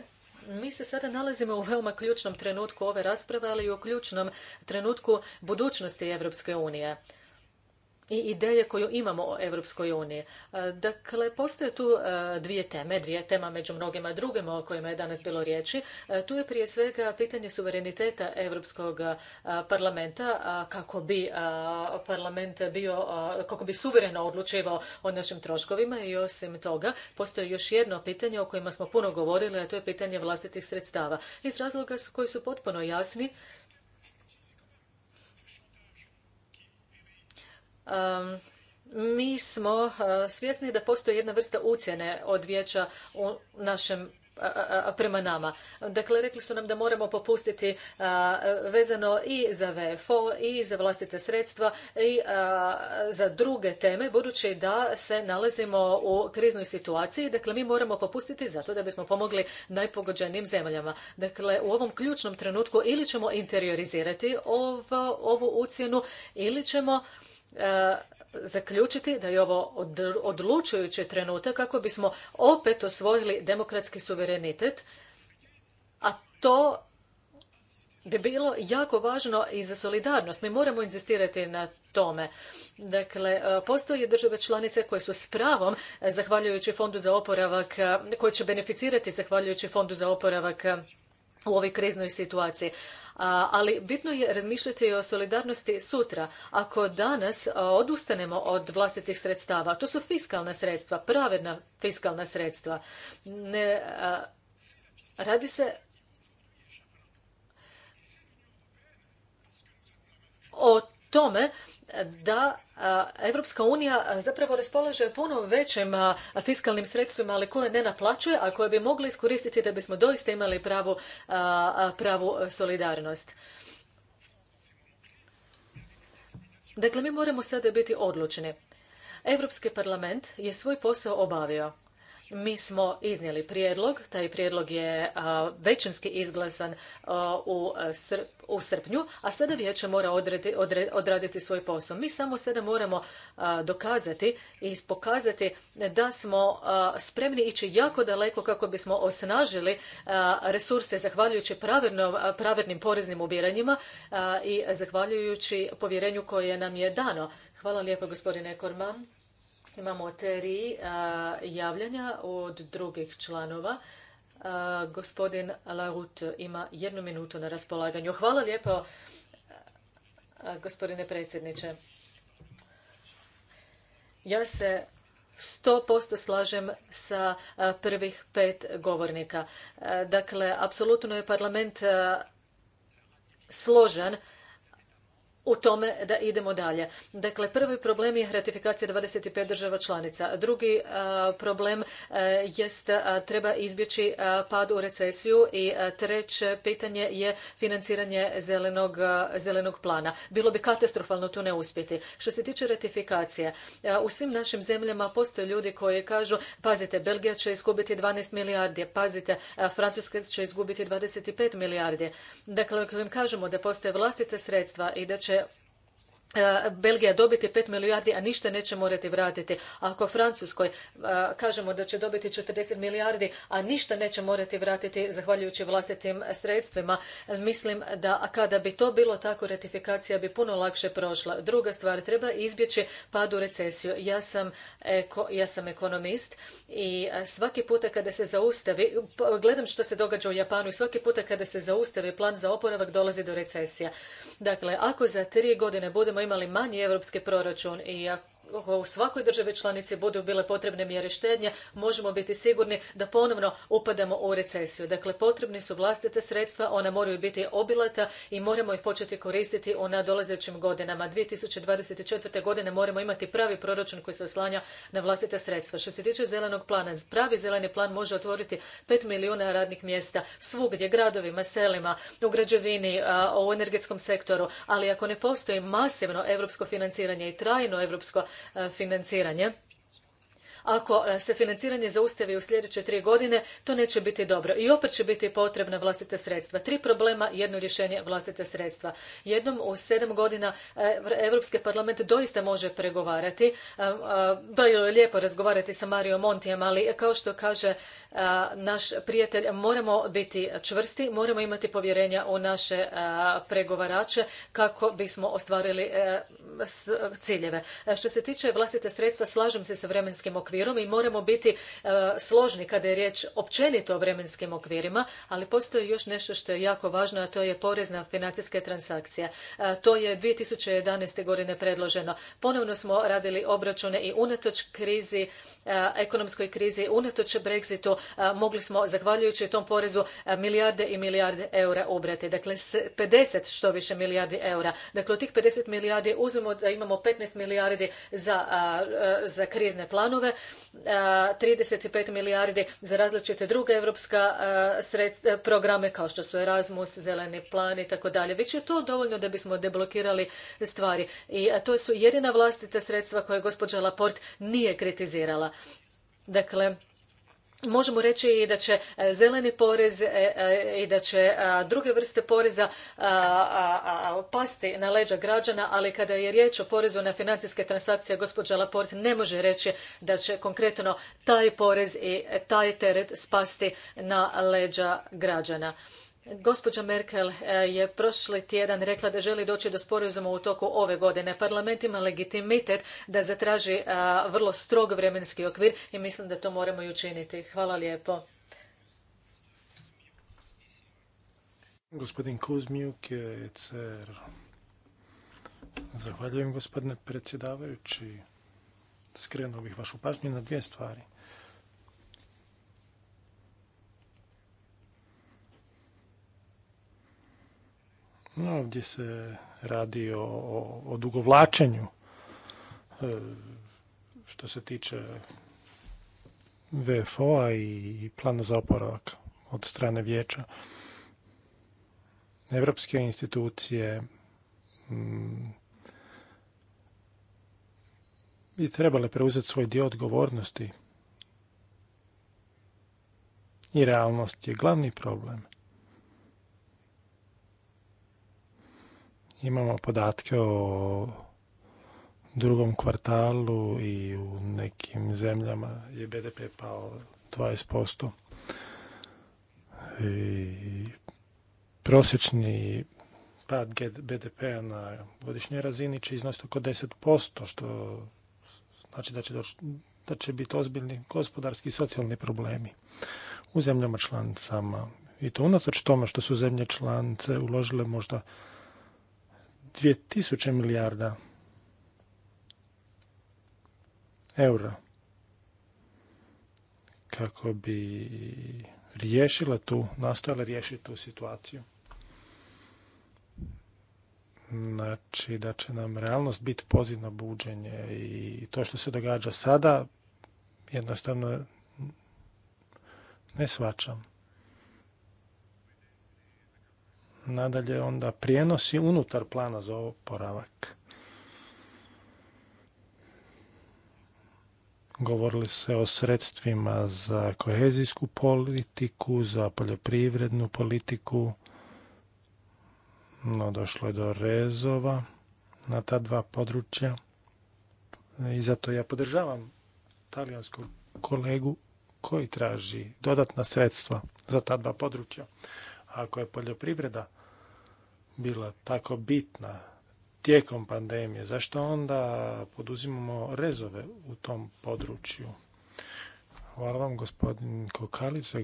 mi se sada nalazimo u veoma ključnom trenutku ove rasprave, ali i u ključnom trenutku budućnosti Europske unije i ideje koju imamo o Europskoj uniji. Dakle, postoje tu dvije teme, dvije tema među mnogima drugima o kojima je danas bilo riječi. Tu je prije svega pitanje suvereniteta Europskog parlamenta kako bi parlament bio, kako bi suvereno odlučivao o našim troškovima i osim toga postoji još jedno pitanje o kojima smo puno govorili, a to je pitanje vlastitih sredstava. Iz razloga koji su potpuno jasni, mi smo eh, svjesni da postoji jedna vrsta ucjene od vijeća u našem prema nama. Dakle, rekli su nam da moramo popustiti vezano i za VFO i za vlastite sredstva i za druge teme, budući da se nalazimo u kriznoj situaciji. Dakle, mi moramo popustiti zato da bismo pomogli najpogođenim zemljama. Dakle, u ovom ključnom trenutku ili ćemo interiorizirati ovu, ovu ili ćemo zaključiti da je ovo odlučujući trenutak kako bismo opet osvojili demokratski suverenitet, a to bi bilo jako važno i za solidarnost. Mi moramo inzistirati na tome. Dakle, e, postoje države članice koje su s pravom, e, zahvaljujući fondu za oporavak, e, koje će beneficirati zahvaljujući fondu za oporavak u ovoj kriznoj situaciji. Ali bitno je razmišljati o solidarnosti sutra. Ako danas odustanemo od vlastitih sredstava, to su fiskalna sredstva, pravedna fiskalna sredstva. radi se o tome eh, da eh, Evropska unija eh, zapravo raspolaže puno većim fiskalnim sredstvima, ali koje ne naplaćuje, a koje bi mogli iskoristiti da bismo doista imali pravu, pravu solidarnost. Dakle, mi moramo sada biti odlučni. Europski parlament je svoj posao obavio. Mi smo iznijeli prijedlog, taj prijedlog je većinski izglasan e, u srpnju, a sada vijeće mora odraditi svoj posao. Mi samo sada moramo dokazati i pokazati da smo spremni ići jako daleko kako bismo osnažili resurse zahvaljujući pravednim poreznim ubiranjima i zahvaljujući povjerenju koje nam je dano. Hvala lijepo gospodine Korman. Imamo tri eh, javljanja od drugih članova. Eh, gospodin Larut ima jednu minutu na raspolaganju. Hvala lijepo, eh, gospodine predsjedniče. Ja se sto posto slažem sa prvih pet govornika. Dakle, apsolutno je parlament složan u tome da idemo dalje. Dakle, prvi problem je ratifikacija 25 država članica. Drugi e, problem e, jest e, treba izbjeći pad u recesiju i treće pitanje je financiranje zelenog, zelenog plana. Bilo bi katastrofalno tu ne uspjeti. Što se tiče ratifikacije, u svim našim zemljama postoje ljudi koji kažu pazite, Belgija će izgubiti 12 milijardi, pazite, Francuska će izgubiti 25 milijardi. Dakle, ako im kažemo da postoje vlastite sredstva i da će E, Belgija dobiti 5 milijardi, a ništa neće morati vratiti. Ako Francuskoj e, kažemo da će dobiti 40 milijardi, a ništa neće morati vratiti zahvaljujući vlastitim sredstvima, mislim da kada bi to bilo tako, ratifikacija bi puno lakše prošla. Druga stvar, treba izbjeći pad u recesiju. Ja sam, ja sam ekonomist i e, svaki puta kada se zaustavi, gledam što se događa u Japanu i svaki puta kada se zaustavi plan za oporavak dolazi do recesija. Dakle, ako za tri godine budemo imali manji europski proračun i u svakoj državi članici budu bile potrebne mjere štednje, možemo biti sigurni da ponovno upadamo u recesiju. Dakle, potrebni su vlastite sredstva, ona moraju biti obilata i moramo ih početi koristiti u nadolazećim godinama. 2024. godine moramo imati pravi proračun koji se oslanja na vlastite sredstva. Što se tiče zelenog plana, pravi zeleni plan može otvoriti 5 milijuna radnih mjesta svugdje, gradovima, selima, u građevini, u energetskom sektoru, ali ako ne postoji masivno europsko financiranje i trajno europsko financiranje ako e, se financiranje zaustavi u sljedeće tri godine, to neće biti dobro i opet će biti potrebna vlastita sredstva. Tri problema, jedno rješenje vlastita sredstva. Jednom u sedam godina Europski parlament doista može pregovarati. Bilo e, e, pa je lijepo razgovarati sa Mario Montijem, ali kao što kaže naš prijatelj, moramo biti čvrsti, moramo imati povjerenja u naše pregovarače kako bismo ostvarili ciljeve. Što se tiče vlastite sredstva, slažem se sa vremenskim okvirom okvirom Mi moramo biti e, složni kada je riječ općenito o vremenskim okvirima, ali postoji još nešto što je jako važno, a to je porezna financijske transakcije. E, to je 2011. godine predloženo. Ponovno smo radili obračune i unatoč krizi, e, ekonomskoj krizi, unatoč Brexitu, mogli smo, zahvaljujući tom porezu, milijarde i milijarde eura ubrati. Dakle, 50 što više milijardi eura. Dakle, od tih 50 milijardi uzmemo da imamo 15 milijardi za krizne planove, 35 milijardi za različite druge europska e, e, programe kao što su Erasmus, Zeleni plan i tako dalje. Već je to dovoljno da bismo deblokirali stvari i e, to su jedina vlastita sredstva koje gospođa Laport nije kritizirala. Dakle, Možemo reći i da će e, zeleni porez e, e, i da će druge vrste poreza pasti na leđa građana, ali kada je riječ o porezu na financijske transakcije, gospođa Laporte ne može reći da će konkretno taj porez i taj teret spasti na leđa građana. Gospođa Merkel e, je prošli tjedan rekla da želi doći do sporazuma u toku ove godine. Parlament ima legitimitet da zatraži e, vrlo strog vremenski okvir i mislim da to moramo i učiniti. Hvala lijepo. Gospodin Kuzmijuk je cer. Zahvaljujem gospodine predsjedavajući. Skrenuo bih vašu pažnju na dvije stvari – ovdje se radi o, dugovlačenju e, što se tiče VFO-a i plana za oporavak od strane vijeća. Evropske institucije mm, bi trebale preuzeti svoj dio odgovornosti i realnost je glavni problem. Imamo podatke o drugom kvartalu i u nekim zemljama je BDP pao 20%. I prosječni pad BDP-a na godišnjoj razini će iznositi oko 10%, što znači da će, da će biti ozbiljni gospodarski i socijalni problemi u zemljama članicama. I to unatoč tome što su zemlje članice uložile možda 2000 milijarda eura kako bi riješila tu, nastojala riješiti tu situaciju. Znači da će nam realnost biti pozivno buđenje i to što se događa sada jednostavno ne svačam. Nadalje onda prijenosi unutar plana za oporavak. Govorili se o sredstvima za kohezijsku politiku, za poljoprivrednu politiku, no došlo je do rezova na ta dva područja i zato ja podržavam talijanskog kolegu koji traži dodatna sredstva za ta dva područja. Ako je poljoprivreda bila tako bitna tijekom pandemije, zašto onda poduzimamo rezove u tom području? Hvala vam gospodin Kokalica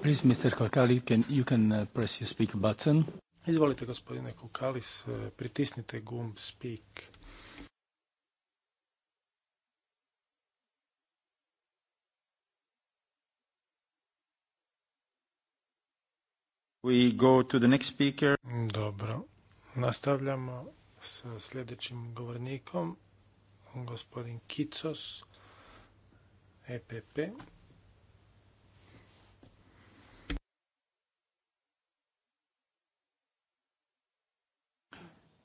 Please, Mr. Uh, Izvolite, gospodine Kukalis, uh, pritisnite gumb speak. Dobro. Nastavljamo sa sljedećim govornikom, gospodin Kicos, EPP.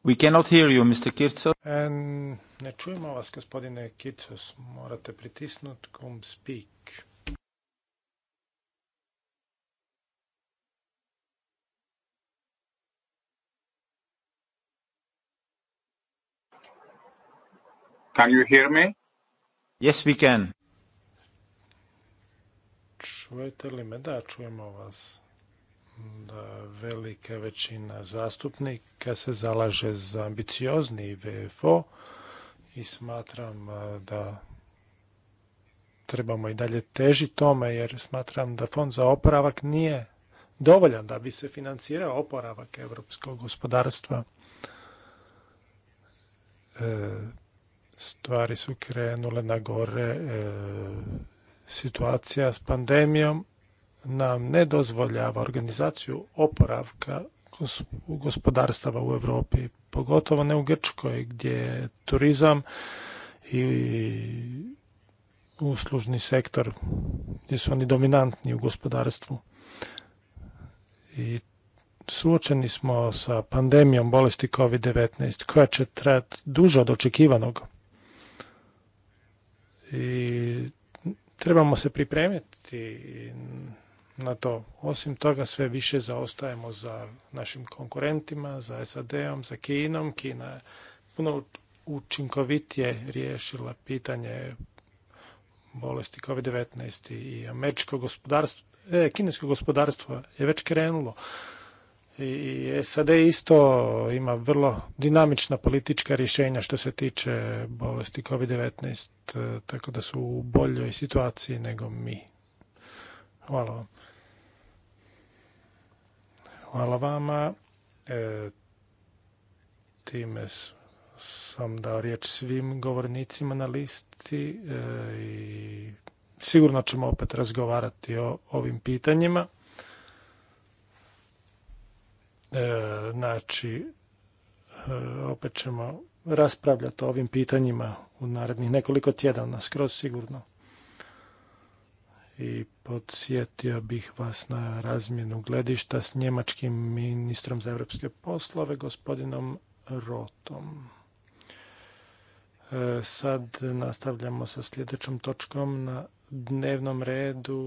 We cannot hear Ne čujemo vas, gospodine Kircos. Morate pritisnuti kom speak. Can you hear me? Yes, we can. Čujete li me? Da, čujemo vas da velika većina zastupnika se zalaže za ambiciozni VFO i smatram da trebamo i dalje teži tome jer smatram da fond za oporavak nije dovoljan da bi se financirao oporavak europskog gospodarstva. E, stvari su krenule na gore, e, situacija s pandemijom nam ne dozvoljava organizaciju oporavka gospodarstava u Europi, pogotovo ne u Grčkoj gdje je turizam i uslužni sektor gdje su oni dominantni u gospodarstvu. I suočeni smo sa pandemijom bolesti COVID-19 koja će trajati duže od očekivanog. I trebamo se pripremiti na to. Osim toga sve više zaostajemo za našim konkurentima, za SAD-om, za Kinom. Kina je puno učinkovitije riješila pitanje bolesti COVID-19 i američko gospodarstvo, e, kinesko gospodarstvo je već krenulo. I SAD isto ima vrlo dinamična politička rješenja što se tiče bolesti COVID-19, e, tako da su u boljoj situaciji nego mi. Hvala vam. Hvala vama. E, time sam dao riječ svim govornicima na listi e, i sigurno ćemo opet razgovarati o ovim pitanjima. E, znači, opet ćemo raspravljati o ovim pitanjima u narednih nekoliko tjedana, skroz sigurno i podsjetio bih vas na razmjenu gledišta s njemačkim ministrom za europske poslove, gospodinom Rotom. E, sad nastavljamo sa sljedećom točkom na dnevnom redu,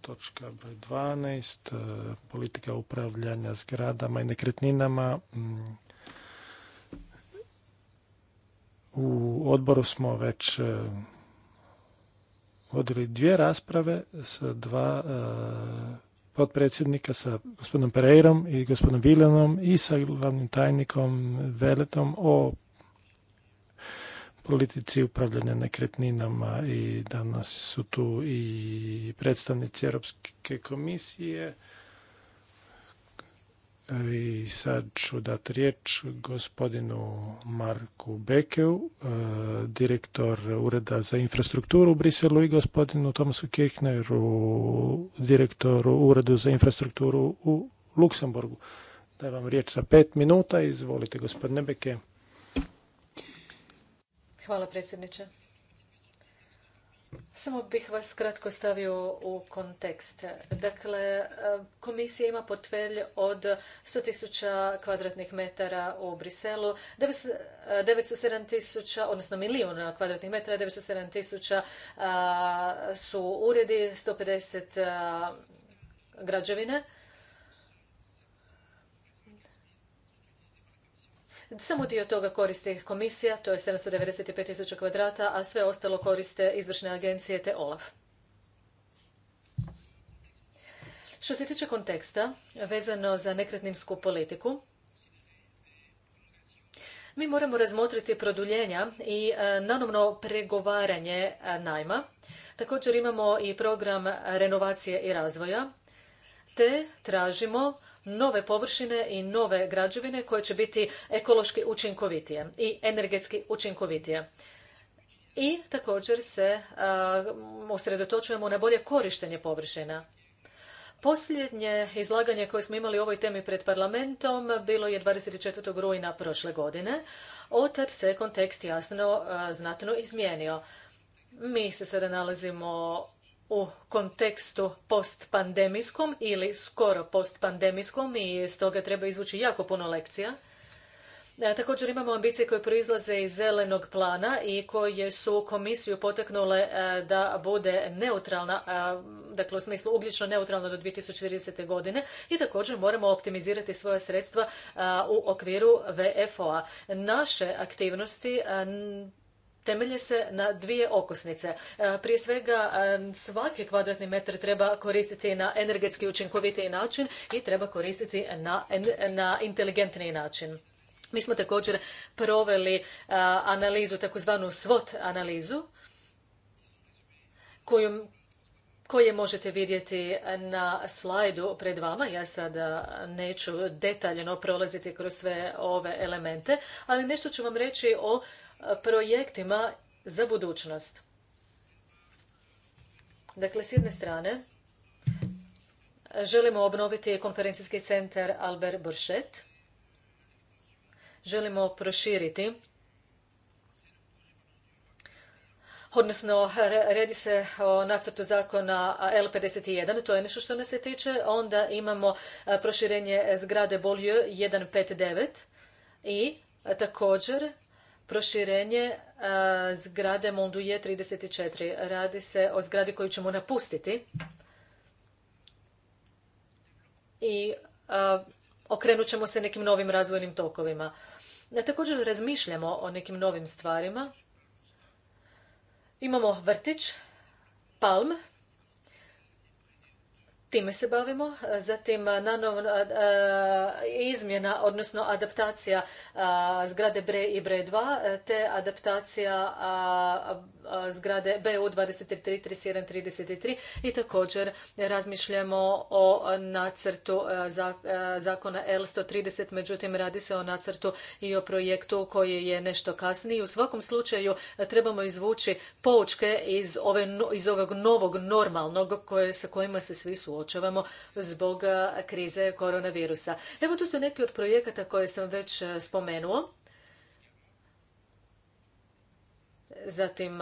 točka broj 12, e, politika upravljanja zgradama i nekretninama. Mm, u odboru smo već e, vodili dvije rasprave sa dva e, potpredsjednika sa gospodinom Pereirom i gospodinom Vilenom i sa glavnim tajnikom Veletom o politici upravljanja nekretninama i danas su tu i predstavnici Europske komisije i sad ću dati riječ gospodinu Marku Bekeu, e, direktor Ureda za infrastrukturu u Briselu i gospodinu Tomasu Kirchneru, direktoru Uredu za infrastrukturu u Luksemburgu. Daj vam riječ za pet minuta. Izvolite gospodine Beke. Hvala predsjedniče. Samo bih vas kratko stavio u kontekst. Dakle, e, komisija ima portfelj od sto tisuća kvadratnih metara u Briselu, e, sedam tisuća, odnosno milijuna kvadratnih metara, sedam tisuća e, su uredi, 150 građevine. Samo dio toga koristi komisija, to je 795.000 tisuća kvadrata, a sve ostalo koriste izvršne agencije te OLAF. Što se tiče konteksta, vezano za nekretninsku politiku, mi moramo razmotriti produljenja i e, nanovno pregovaranje e, najma. Također imamo i program renovacije i razvoja, te tražimo nove površine i nove građevine koje će biti ekološki učinkovitije i energetski učinkovitije. I također se usredotočujemo na bolje korištenje površina. Posljednje izlaganje koje smo imali o ovoj temi pred parlamentom bilo je 24. rujna prošle godine. tada se kontekst jasno znatno izmijenio. Mi se sada nalazimo u kontekstu postpandemijskom ili skoro postpandemijskom i toga treba izvući jako puno lekcija. E, također imamo ambicije koje proizlaze iz zelenog plana i koje su komisiju poteknule e, da bude neutralna, e, dakle u smislu ugljično neutralna do 2030. godine i također moramo optimizirati svoje sredstva u okviru VFO-a. Naše aktivnosti temelje se na dvije okosnice. E, prije svega e, svaki kvadratni metar treba koristiti na energetski učinkovitiji način i treba koristiti na, inteligentniji način. Mi smo također proveli e, analizu, takozvanu SWOT analizu, koju, koje možete vidjeti na slajdu pred vama. Ja sada neću detaljno prolaziti kroz sve ove elemente, ali nešto ću vam reći o projektima za budućnost. Dakle, s jedne strane, želimo obnoviti konferencijski centar Albert Borchet. Želimo proširiti odnosno radi se o nacrtu zakona L51, to je nešto što nas se tiče. Onda imamo proširenje zgrade Bolje 159 i također proširenje e, zgrade Monduje 34. Radi se o zgradi koju ćemo napustiti i e, okrenut ćemo se nekim novim razvojnim tokovima. E, također razmišljamo o nekim novim stvarima. Imamo vrtić, palm, Time se bavimo. Zatim nanov, izmjena, odnosno adaptacija zgrade Bre i Bre 2, te adaptacija zgrade BU three i također razmišljamo o nacrtu zakona L130, međutim radi se o nacrtu i o projektu koji je nešto kasniji. U svakom slučaju trebamo izvući poučke iz, ovog novog normalnog koje, sa kojima se svi suočavamo zbog krize koronavirusa. Evo tu su neki od projekata koje sam već spomenuo. Zatim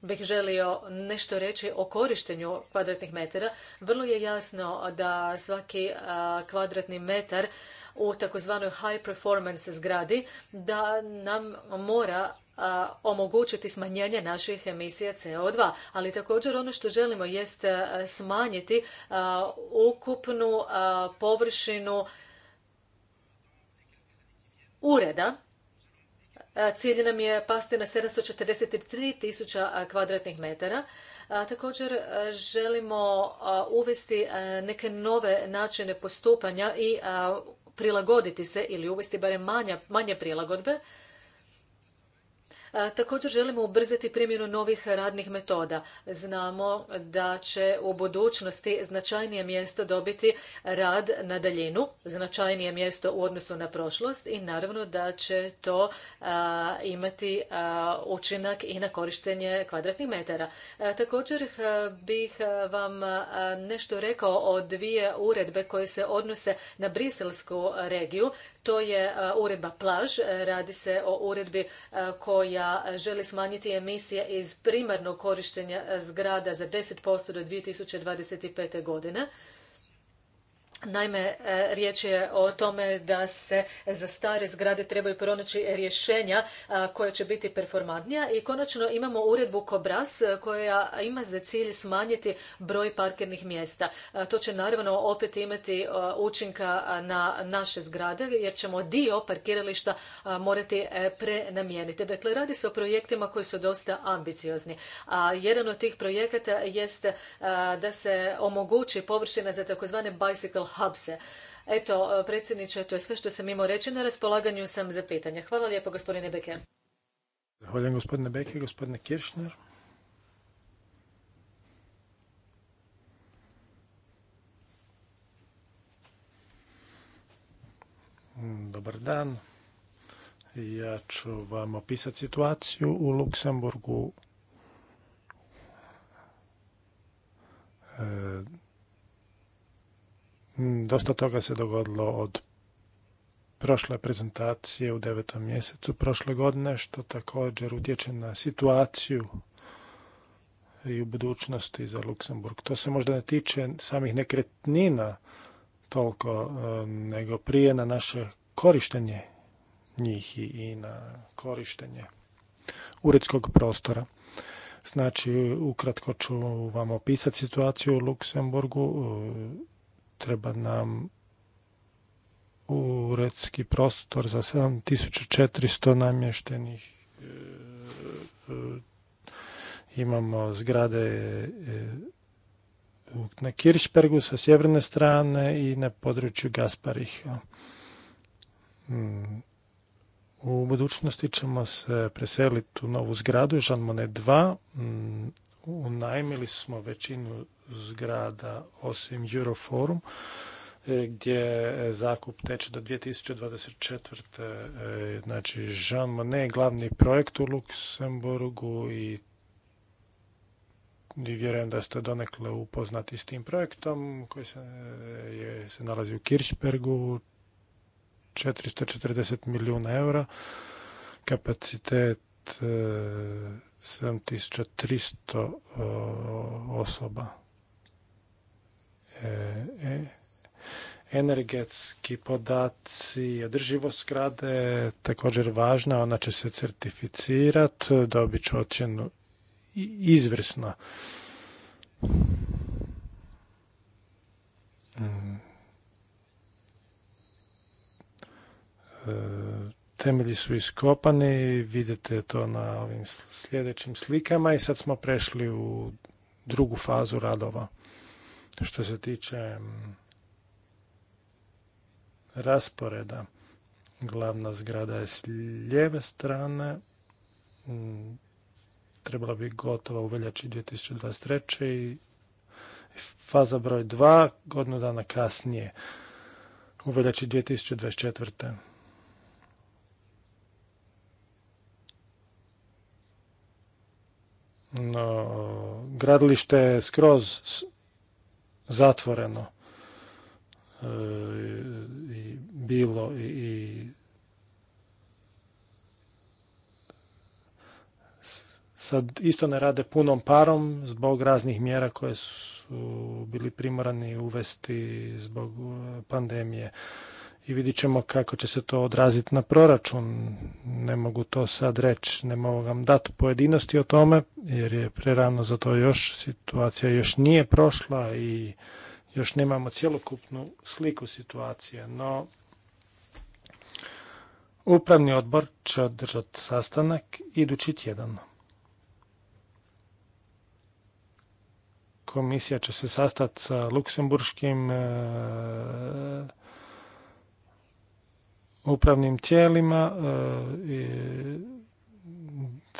bih želio nešto reći o korištenju kvadratnih metara. Vrlo je jasno da svaki kvadratni metar u takozvanoj high performance zgradi da nam mora omogućiti smanjenje naših emisija CO2, ali također ono što želimo jest smanjiti ukupnu površinu ureda Cilj nam je pasti na 743 tisuća kvadratnih metara. također želimo uvesti neke nove načine postupanja i prilagoditi se ili uvesti barem manje prilagodbe Također želimo ubrzati primjenu novih radnih metoda. Znamo da će u budućnosti značajnije mjesto dobiti rad na daljinu, značajnije mjesto u odnosu na prošlost i naravno da će to imati učinak i na korištenje kvadratnih metara. Također bih vam nešto rekao o dvije uredbe koje se odnose na briselsku regiju to je e, uredba plaž. E, radi se o uredbi e, koja želi smanjiti emisije iz primarnog korištenja zgrada za 10% do 2025. godine. Naime, e, riječ je o tome da se za stare zgrade trebaju pronaći rješenja koja će biti performantnija i konačno imamo uredbu Kobras e, koja ima za cilj smanjiti broj parkirnih mjesta. To će naravno opet imati e, učinka na naše zgrade jer ćemo dio parkirališta morati prenamijeniti. Dakle, radi se o projektima koji su dosta ambiciozni. A jedan od tih projekata jest da se omogući površina za takozvane bicycle hapse. Eto, predsjedniče, to je sve što sam imao reći. Na raspolaganju sam za pitanje. Hvala lijepo, gospodine Beke. Zahvaljujem, gospodine Beke. Gospodine Kiršner. Mm, dobar dan. Ja ću vam opisati situaciju u Luksemburgu. E, Mm, dosta toga se dogodilo od prošle prezentacije u devetom mjesecu prošle godine, što također utječe na situaciju i u budućnosti za Luksemburg. To se možda ne tiče samih nekretnina toliko, e, nego prije na naše korištenje njih i na korištenje uredskog prostora. Znači, ukratko ću vam opisati situaciju u Luksemburgu treba nam uredski prostor za 7400 namještenih e, e, imamo zgrade e, na Kiršpergu sa sjeverne strane i na području Gaspariha. Mm, u budućnosti ćemo se preseliti u novu zgradu, Jean Monnet 2, unajmili smo većinu zgrada osim Euroforum e, gdje zakup teče do 2024. E, znači, Jean Monnet glavni projekt u Luksemburgu i i vjerujem da ste donekle upoznati s tim projektom koji se, je, se nalazi u Kirchbergu, 440 milijuna eura, kapacitet e, 7300 osoba. E, e, energetski podaci, održivost zgrade je također važna, ona će se certificirat dobit će ocjenu izvrsna. Mm. E, Temelji su iskopani, vidite to na ovim sljedećim slikama i sad smo prešli u drugu fazu radova. Što se tiče mm, rasporeda, glavna zgrada je s lijeve strane, mm, trebala bi gotova u veljači 2023. i faza broj 2 godinu dana kasnije u veljači 2024. no, gradilište je skroz zatvoreno e, i bilo i sad isto ne rade punom parom zbog raznih mjera koje su bili primorani uvesti zbog e, pandemije i vidit ćemo kako će se to odraziti na proračun. Ne mogu to sad reći, ne mogu vam dati pojedinosti o tome, jer je prerano za to još, situacija još nije prošla i još nemamo cjelokupnu sliku situacije, no upravni odbor će održati sastanak idući tjedan. Komisija će se sastati sa luksemburškim e, upravnim tijelima e,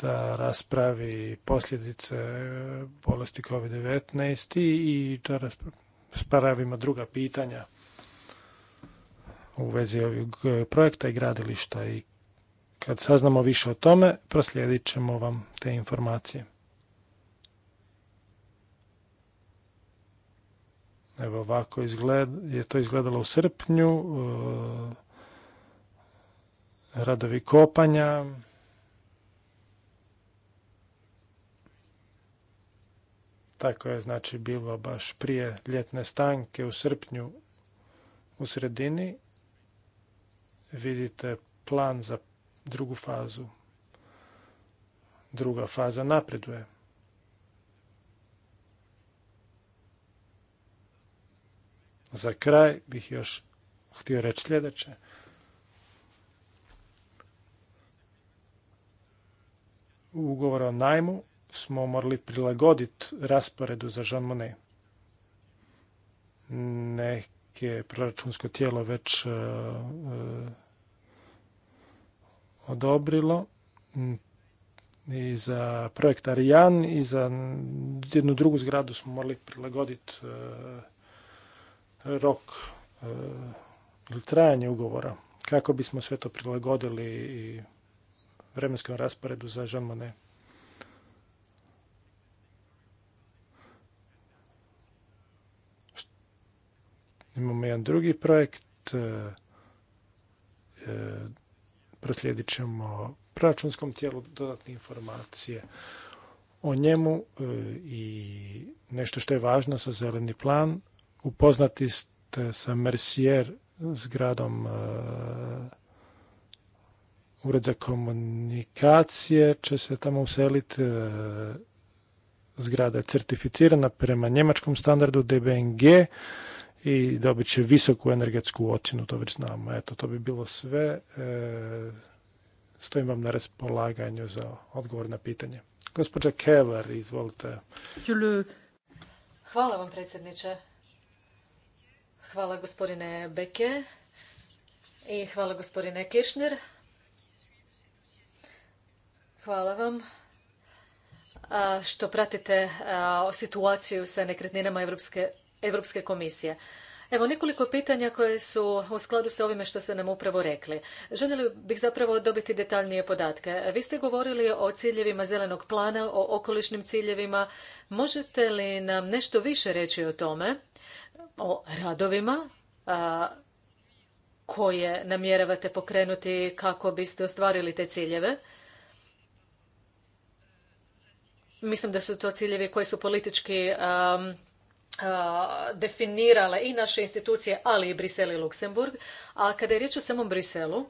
da raspravi posljedice e, bolesti COVID-19 i da raspravimo druga pitanja u vezi ovog e, projekta i gradilišta i kad saznamo više o tome, proslijedit ćemo vam te informacije. Evo ovako je to izgledalo u srpnju radovi kopanja, Tako je znači bilo baš prije ljetne stanke u srpnju u sredini. Vidite plan za drugu fazu. Druga faza napreduje. Za kraj bih još htio reći sljedeće. ugovora o najmu smo morali prilagoditi rasporedu za Jean Monnet. Neke proračunsko tijelo već e, e, odobrilo i za projekt Arijan i za jednu drugu zgradu smo morali prilagoditi e, rok ili trajanje ugovora kako bismo sve to prilagodili i vremenskom rasporedu za Jean Monnet. Imamo jedan drugi projekt, e, e, proslijedit ćemo proračunskom tijelu dodatne informacije o njemu e, i nešto što je važno sa zeleni plan. Upoznati ste sa Mercier zgradom ured za komunikacije će se tamo useliti. E, zgrada je certificirana prema njemačkom standardu DBNG i dobit će visoku energetsku ocjenu, to već znamo. Eto, to bi bilo sve. E, stojim vam na raspolaganju za odgovor na pitanje. Gospođa Kevar, izvolite. Hvala vam, predsjedniče. Hvala gospodine Beke i hvala gospodine Kiršner. Hvala vam što pratite situaciju sa nekretninama Europske, komisije. Evo nekoliko pitanja koje su u skladu sa ovime što ste nam upravo rekli. Željeli bih zapravo dobiti detaljnije podatke. Vi ste govorili o ciljevima zelenog plana, o okolišnim ciljevima. Možete li nam nešto više reći o tome, o radovima koje namjeravate pokrenuti kako biste ostvarili te ciljeve? Mislim da su to ciljevi koji su politički um, uh, definirale i naše institucije, ali i Brisel i Luksemburg. A kada je riječ o samom Briselu,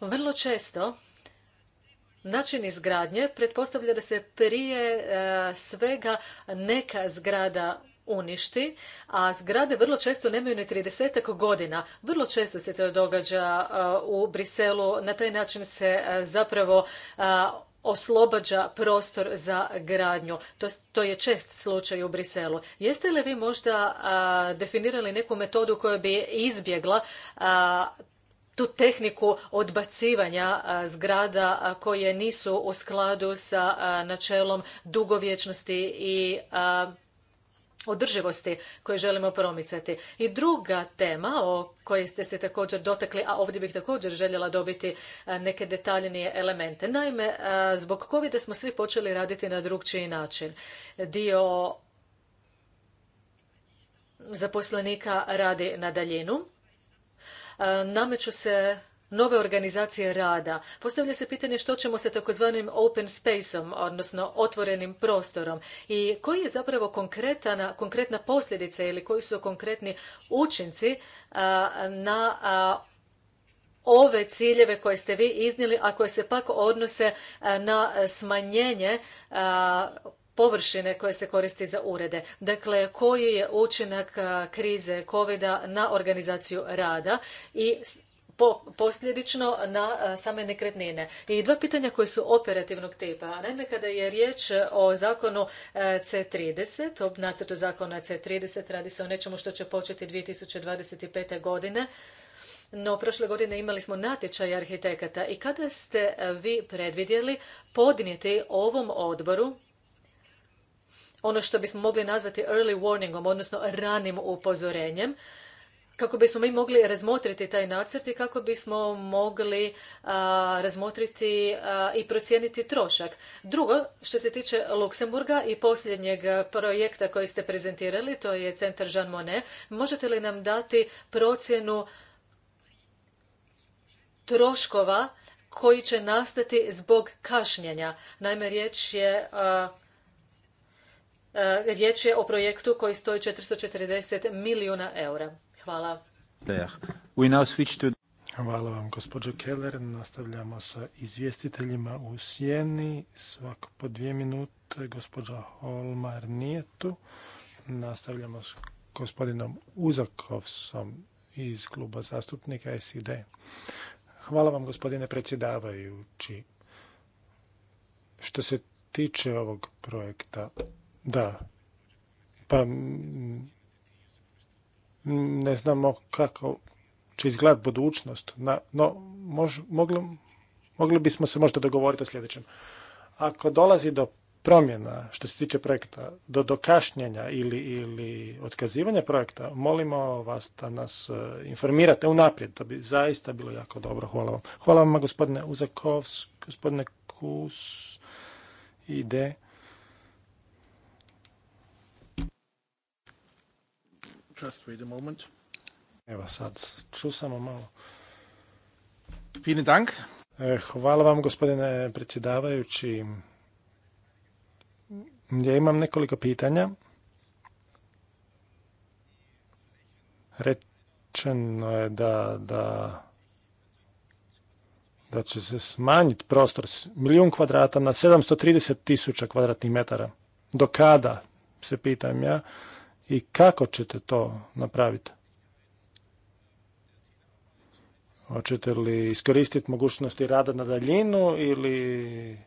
vrlo često način izgradnje pretpostavlja da se prije uh, svega neka zgrada uništi, a zgrade vrlo često nemaju ni 30 godina. Vrlo često se to događa uh, u Briselu. Na taj način se uh, zapravo uh, oslobađa prostor za gradnju. To je čest slučaj u Briselu. Jeste li vi možda definirali neku metodu koja bi izbjegla tu tehniku odbacivanja zgrada koje nisu u skladu sa načelom dugovječnosti i održivosti koje želimo promicati. I druga tema o kojoj ste se također dotakli, a ovdje bih također željela dobiti e, neke detaljnije elemente. Naime, e, zbog covida smo svi počeli raditi na drugčiji način. Dio zaposlenika radi na daljinu. E, nameću se nove organizacije rada. Postavlja se pitanje što ćemo sa takozvanim open spaceom, odnosno otvorenim prostorom i koji je zapravo konkretna posljedica ili koji su konkretni učinci na ove ciljeve koje ste vi iznijeli, a koje se pak odnose na smanjenje površine koje se koristi za urede. Dakle, koji je učinak krize covid na organizaciju rada i posljedično na e, same nekretnine. I dva pitanja koje su operativnog tipa. Naime, kada je riječ o zakonu e, C30, o nacrtu zakona C30, radi se o nečemu što će početi 2025. godine. No, prošle godine imali smo natječaj arhitekata i kada ste vi predvidjeli podnijeti ovom odboru ono što bismo mogli nazvati early warningom, odnosno ranim upozorenjem, kako bismo mi mogli razmotriti taj nacrt i kako bismo mogli razmotriti i procijeniti trošak. Drugo, što se tiče Luksemburga i posljednjeg projekta koji ste prezentirali, to je centar Jean Monnet, možete li nam dati procjenu troškova koji će nastati zbog kašnjenja? Naime, riječ je Riječ je o projektu koji stoji 440 milijuna eura. Hvala. We now switch to... Hvala vam, gospođo Keller. Nastavljamo sa izvjestiteljima u sjeni. Svako po dvije minute. Gospođa Holmar nije tu. Nastavljamo s gospodinom Uzakovsom iz kluba zastupnika SID. Hvala vam, gospodine predsjedavajući. Što se tiče ovog projekta, da, pa ne znamo kako će izgledati budućnost, no mogli, bismo se možda dogovoriti o sljedećem. Ako dolazi do promjena što se tiče projekta, do dokašnjenja ili, ili otkazivanja projekta, molimo vas da nas e, informirate unaprijed. To bi zaista bilo jako dobro. Hvala vam. Hvala vam, gospodine Uzakovs, gospodine Kus, ide. Just moment. Evo sad, ču samo malo. Dank. E, hvala vam, gospodine predsjedavajući. Ja imam nekoliko pitanja. Rečeno je da, da, da će se smanjiti prostor s milijun kvadrata na 730 tisuća kvadratnih metara. Do kada, se pitam ja i kako ćete to napraviti? Hoćete li iskoristiti mogućnosti rada na daljinu ili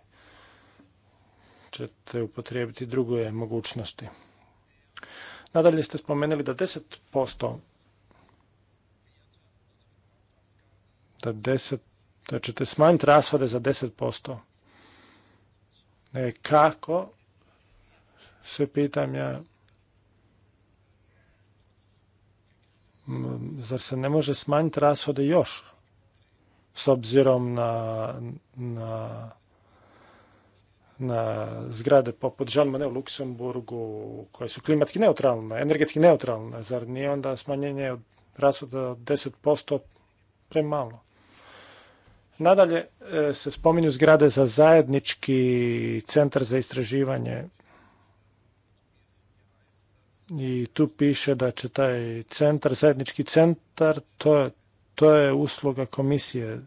ćete upotrijebiti druge mogućnosti? Nadalje ste spomenuli da 10% da 10 da ćete smanjiti rashode za 10%. E, kako se pitam ja Mm, zar se ne može smanjiti rashode još s obzirom na, na, na zgrade poput ne u Luksemburgu koje su klimatski neutralne, energetski neutralne, zar nije onda smanjenje od rashoda od 10% premalo? Nadalje e, se spominju zgrade za zajednički centar za istraživanje i tu piše da će taj centar, zajednički centar, to je, to je usluga komisije,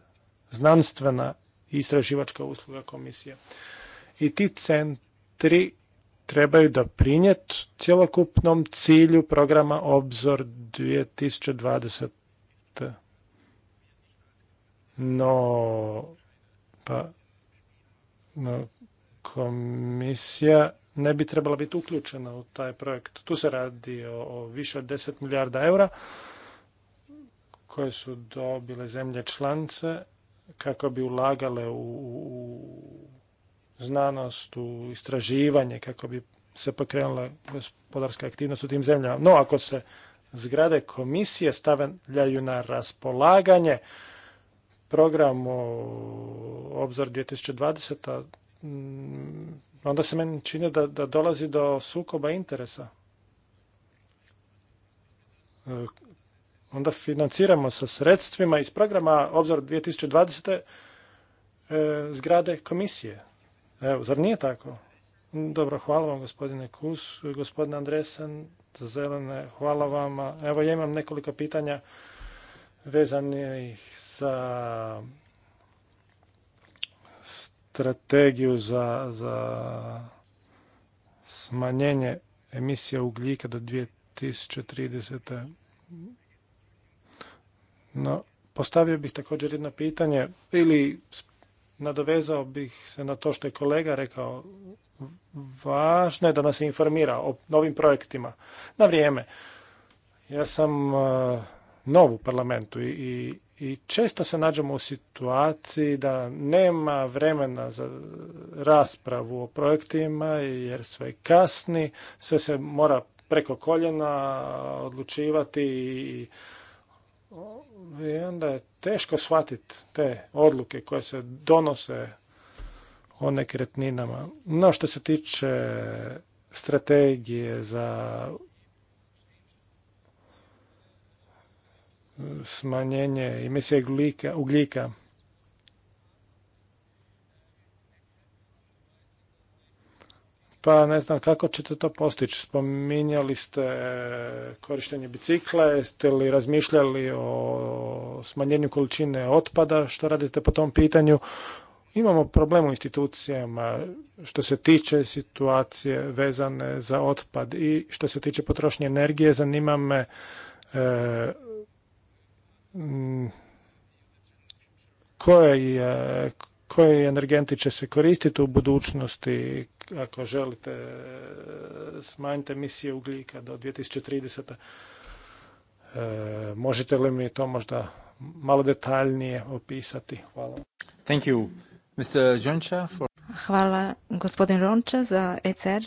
znanstvena i istraživačka usluga komisije. I ti centri trebaju prinjet cjelokupnom cilju programa Obzor 2020. No, pa, komisija ne bi trebala biti uključena u taj projekt. Tu se radi o, više od 10 milijarda eura koje su dobile zemlje članice kako bi ulagale u, znanost, u istraživanje, kako bi se pokrenula gospodarska aktivnost u tim zemljama. No, ako se zgrade komisije stavljaju na raspolaganje programu Obzor 2020, onda se meni čini da, da dolazi do sukoba interesa. E, onda financiramo sa sredstvima iz programa Obzor 2020. E, zgrade komisije. Evo, zar nije tako? Dobro, hvala vam gospodine Kus, gospodine Andresen, zelene, hvala vam. Evo, ja imam nekoliko pitanja vezanih sa strategiju za, za smanjenje emisija ugljika do 2030. No, postavio bih također jedno pitanje ili nadovezao bih se na to što je kolega rekao. Važno je da nas informira o novim projektima na vrijeme. Ja sam eh, nov u parlamentu i i često se nađemo u situaciji da nema vremena za raspravu o projektima jer sve kasni, sve se mora preko koljena odlučivati i onda je teško shvatiti te odluke koje se donose o nekretninama. No što se tiče strategije za smanjenje emisije ugljika, Pa ne znam kako ćete to postići. Spominjali ste e, korištenje bicikla, jeste li razmišljali o smanjenju količine otpada, što radite po tom pitanju. Imamo problem u institucijama što se tiče situacije vezane za otpad i što se tiče potrošnje energije. Zanima me e, Mm. koje energenti će se koristiti u budućnosti ako želite smanjiti emisije ugljika do 2030. E, možete li mi to možda malo detaljnije opisati? Hvala. Hvala gospodin Ronča za ECR.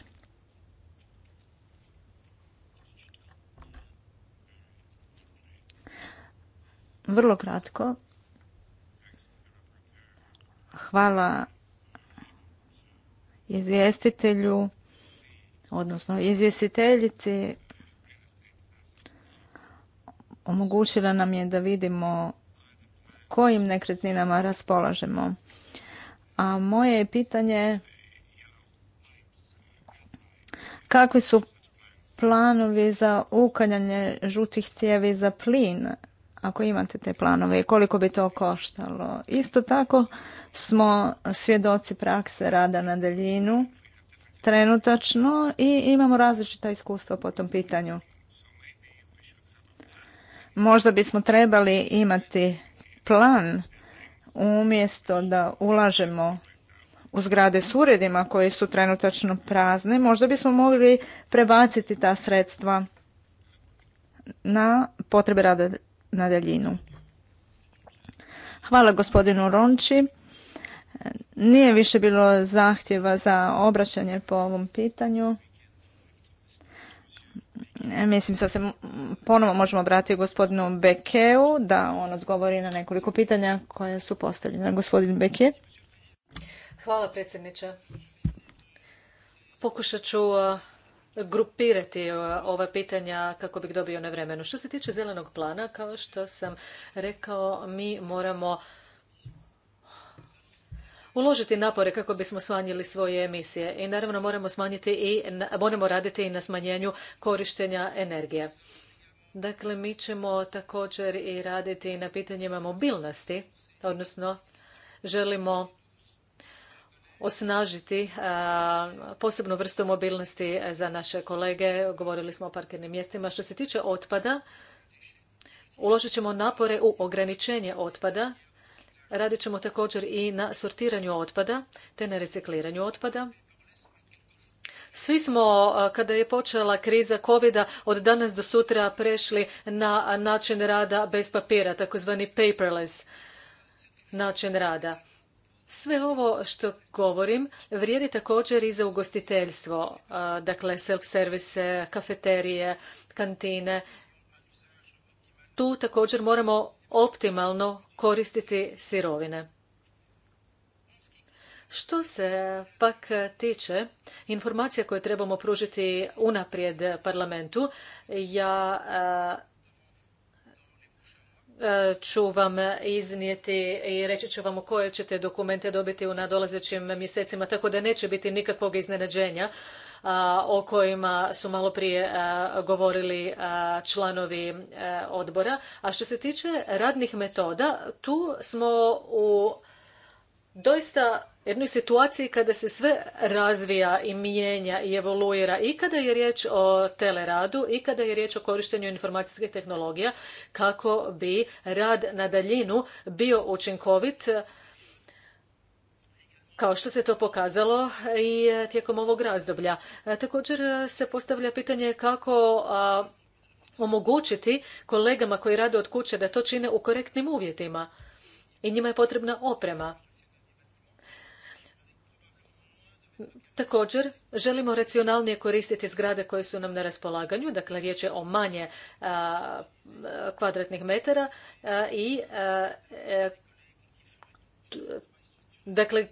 Vrlo kratko. Hvala izvjestitelju, odnosno izvjestiteljici. Omogućila nam je da vidimo kojim nekretninama raspolažemo. A moje je pitanje kakvi su planovi za uklanjanje žutih cijevi za plin ako imate te planove i koliko bi to koštalo. Isto tako smo svjedoci prakse rada na daljinu trenutačno i imamo različita iskustva po tom pitanju. Možda bismo trebali imati plan umjesto da ulažemo u zgrade s uredima koji su trenutačno prazne, možda bismo mogli prebaciti ta sredstva na potrebe rada na daljinu. Hvala gospodinu Ronči. Nije više bilo zahtjeva za obraćanje po ovom pitanju. E, mislim da se ponovo možemo obratiti gospodinu Bekeu da on odgovori na nekoliko pitanja koje su postavljena. Gospodin Beke. Hvala predsjedniče. Pokušat ću e, grupirati e, ova pitanja kako bih dobio na vremenu. Što se tiče zelenog plana, kao što sam rekao, mi moramo uložiti napore kako bismo smanjili svoje emisije i naravno moramo smanjiti i moramo raditi i na smanjenju korištenja energije. Dakle, mi ćemo također i raditi na pitanjima mobilnosti, odnosno želimo osnažiti posebnu vrstu mobilnosti e, za naše kolege. Govorili smo o parkirnim mjestima. Što se tiče otpada, uložit ćemo napore u ograničenje otpada. Radit ćemo također i na sortiranju otpada te na recikliranju otpada. Svi smo, kada je počela kriza covid od danas do sutra prešli na način rada bez papira, takozvani paperless način rada. Sve ovo što govorim vrijedi također i za ugostiteljstvo, dakle self-servise, kafeterije, kantine. Tu također moramo optimalno koristiti sirovine. Što se pak tiče informacija koje trebamo pružiti unaprijed parlamentu, ja E, ću vam iznijeti i reći ću vam koje ćete dokumente dobiti u nadolazećim mjesecima, tako da neće biti nikakvog iznenađenja o kojima su malo prije govorili članovi e, odbora. A što se tiče radnih metoda, tu smo u doista jednoj situaciji kada se sve razvija i mijenja i evoluira i kada je riječ o teleradu i kada je riječ o korištenju informacijskih tehnologija kako bi rad na daljinu bio učinkovit kao što se to pokazalo i tijekom ovog razdoblja. E, također se postavlja pitanje kako omogućiti kolegama koji rade od kuće da to čine u korektnim uvjetima i njima je potrebna oprema. Također, želimo racionalnije koristiti zgrade koje su nam na raspolaganju, dakle riječ je o manje kvadratnih metara i e, Dakle,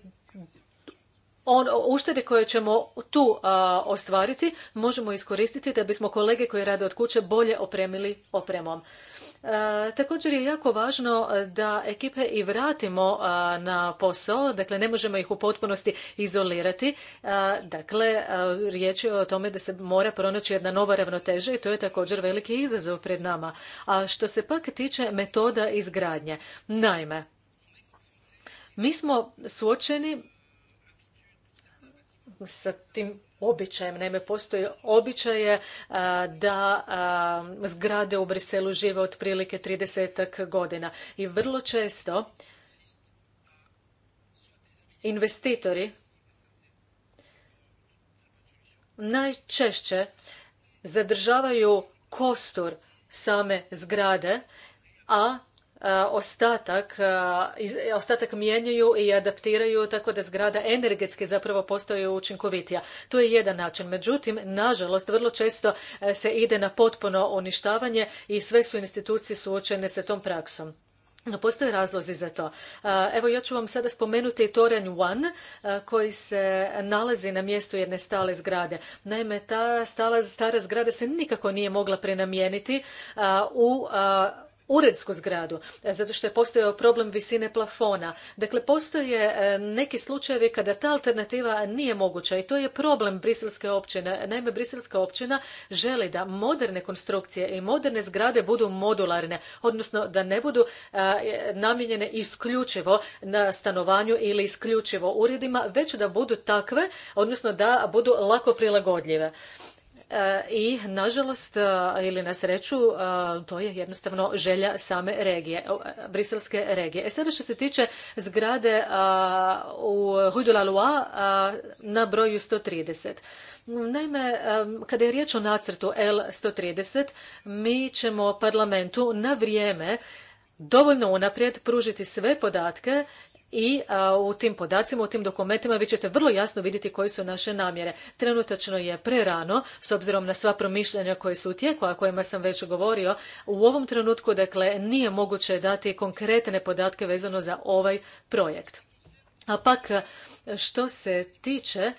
on, uštede koje ćemo tu ostvariti možemo iskoristiti da bismo kolege koji rade od kuće bolje opremili opremom. E, također je jako važno e, da ekipe i vratimo na posao, dakle ne možemo ih u potpunosti izolirati. E, dakle, riječ je o tome da se mora pronaći jedna nova ravnoteža i to je također veliki izazov pred nama. A što se pak tiče metoda izgradnje, naime, mi smo suočeni sa tim običajem. Naime, postoje običaje da zgrade u Briselu žive otprilike 30 godina i vrlo često investitori najčešće zadržavaju kostur same zgrade, a E, ostatak, e, ostatak mijenjaju i adaptiraju tako da zgrada energetski zapravo postaje učinkovitija. To je jedan način. Međutim, nažalost, vrlo često e, se ide na potpuno uništavanje i sve su institucije suočene sa tom praksom. No, postoje razlozi za to. Evo, ja ću vam sada spomenuti Toranj 1 koji se nalazi na mjestu jedne stale zgrade. Naime, ta stala, stara zgrada se nikako nije mogla prenamijeniti u uredsku zgradu, e, zato što je postojao problem visine plafona. Dakle, postoje e, neki slučajevi kada ta alternativa nije moguća i to je problem briselske općine. Naime, briselska općina želi da moderne konstrukcije i moderne zgrade budu modularne, odnosno da ne budu e, namijenjene isključivo na stanovanju ili isključivo uredima, već da budu takve, odnosno da budu lako prilagodljive. E, i nažalost e, ili na sreću e, to je jednostavno želja same regije, briselske regije. E sada što se tiče zgrade u Rue de la Loi na broju 130. Naime, kada je riječ o nacrtu L130, mi ćemo parlamentu na vrijeme dovoljno unaprijed pružiti sve podatke i e, u tim podacima, u tim dokumentima vi ćete vrlo jasno vidjeti koje su naše namjere. Trenutačno je prerano, s obzirom na sva promišljanja koja su u tijeku, a kojima sam već govorio, u ovom trenutku dakle nije moguće dati konkretne podatke vezano za ovaj projekt. A pak e, što se tiče e,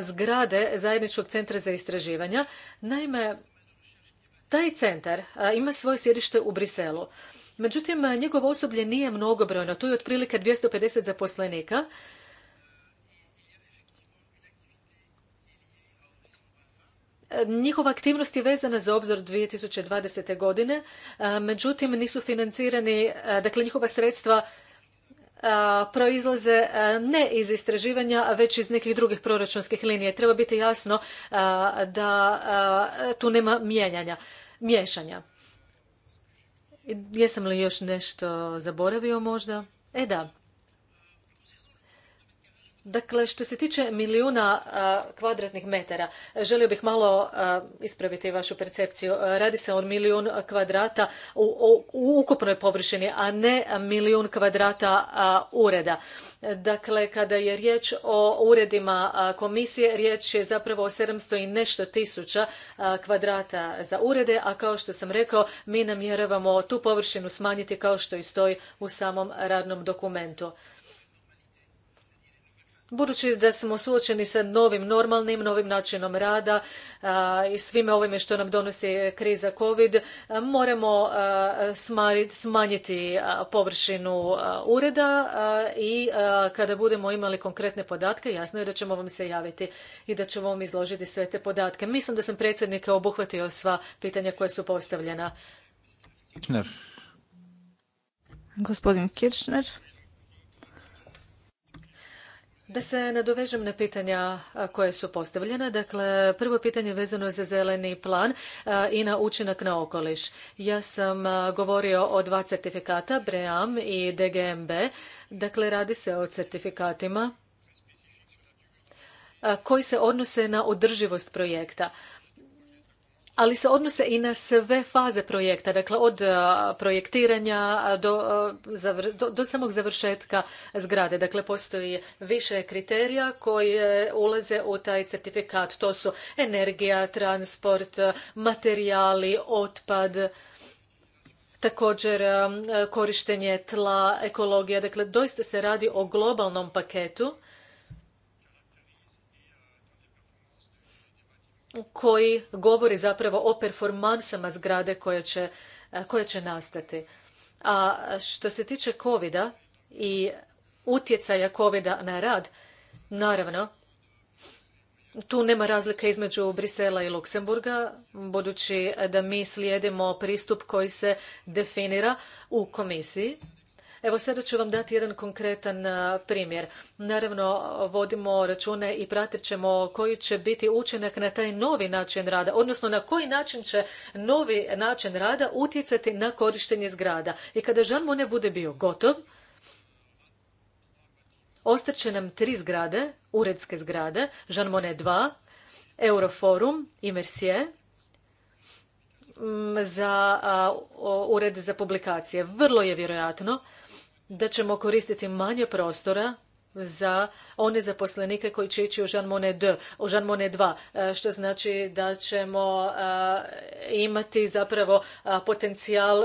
zgrade Zajedničkog centra za istraživanja, naime taj centar ima svoje sjedište u Briselu. Međutim, njegovo osoblje nije mnogobrojno. Tu je otprilike 250 zaposlenika. Njihova aktivnost je vezana za obzor 2020. godine, međutim nisu financirani, dakle njihova sredstva proizlaze ne iz istraživanja, već iz nekih drugih proračunskih linija. Treba biti jasno da tu nema mijenjanja, miješanja. Jesam li još nešto zaboravio možda? E da, Dakle, što se tiče milijuna kvadratnih metara, želio bih malo ispraviti vašu percepciju. Radi se o milijun kvadrata u ukupnoj površini, a ne milijun kvadrata ureda. Dakle, kada je riječ o uredima komisije, riječ je zapravo o 700 i nešto tisuća kvadrata za urede, a kao što sam rekao, mi namjeravamo tu površinu smanjiti kao što i stoji u samom radnom dokumentu. Budući da smo suočeni sa novim normalnim, novim načinom rada i svime ovime što nam donosi kriza COVID, moramo smanjiti površinu ureda i kada budemo imali konkretne podatke, jasno je da ćemo vam se javiti i da ćemo vam izložiti sve te podatke. Mislim da sam predsjednika obuhvatio sva pitanja koja su postavljena. Gospodin Kirchner. Da se nadovežem na pitanja koje su postavljena. Dakle, prvo pitanje vezano je za zeleni plan i na učinak na okoliš. Ja sam govorio o dva certifikata, BREAM i DGMB. Dakle, radi se o certifikatima koji se odnose na održivost projekta ali se odnose i na sve faze projekta, dakle od projektiranja do, do, samog završetka zgrade. Dakle, postoji više kriterija koje ulaze u taj certifikat. To su energija, transport, materijali, otpad, također korištenje tla, ekologija. Dakle, doista se radi o globalnom paketu koji govori zapravo o performansama zgrade koje će, e, koje će nastati. A što se tiče covid i utjecaja covid na rad, naravno, tu nema razlike između Brisela i Luksemburga, budući da mi slijedimo pristup koji se definira u komisiji Evo sada ću vam dati jedan konkretan primjer. Naravno, vodimo račune i pratit ćemo koji će biti učinak na taj novi način rada, odnosno na koji način će novi način rada utjecati na korištenje zgrada. I kada Jean Monnet bude bio gotov, će nam tri zgrade, uredske zgrade, Jean Monnet 2, Euroforum i Mercier, za ured za publikacije. Vrlo je vjerojatno da ćemo koristiti manje prostora za one zaposlenike koji će ići u Jean Monnet 2, Jean Monnet 2, e, što znači da ćemo e, imati zapravo e, potencijal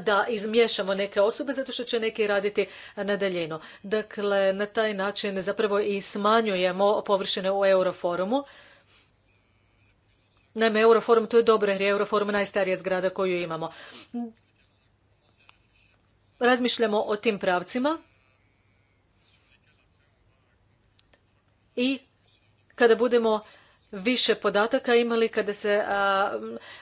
da izmiješamo neke osobe zato što će neki raditi na daljinu. Dakle, na taj način zapravo i smanjujemo površine u Euroforumu. Naime, Euroforum to je dobro jer je Euroforum najstarija zgrada koju imamo razmišljamo o tim pravcima i kada budemo više podataka imali, kada se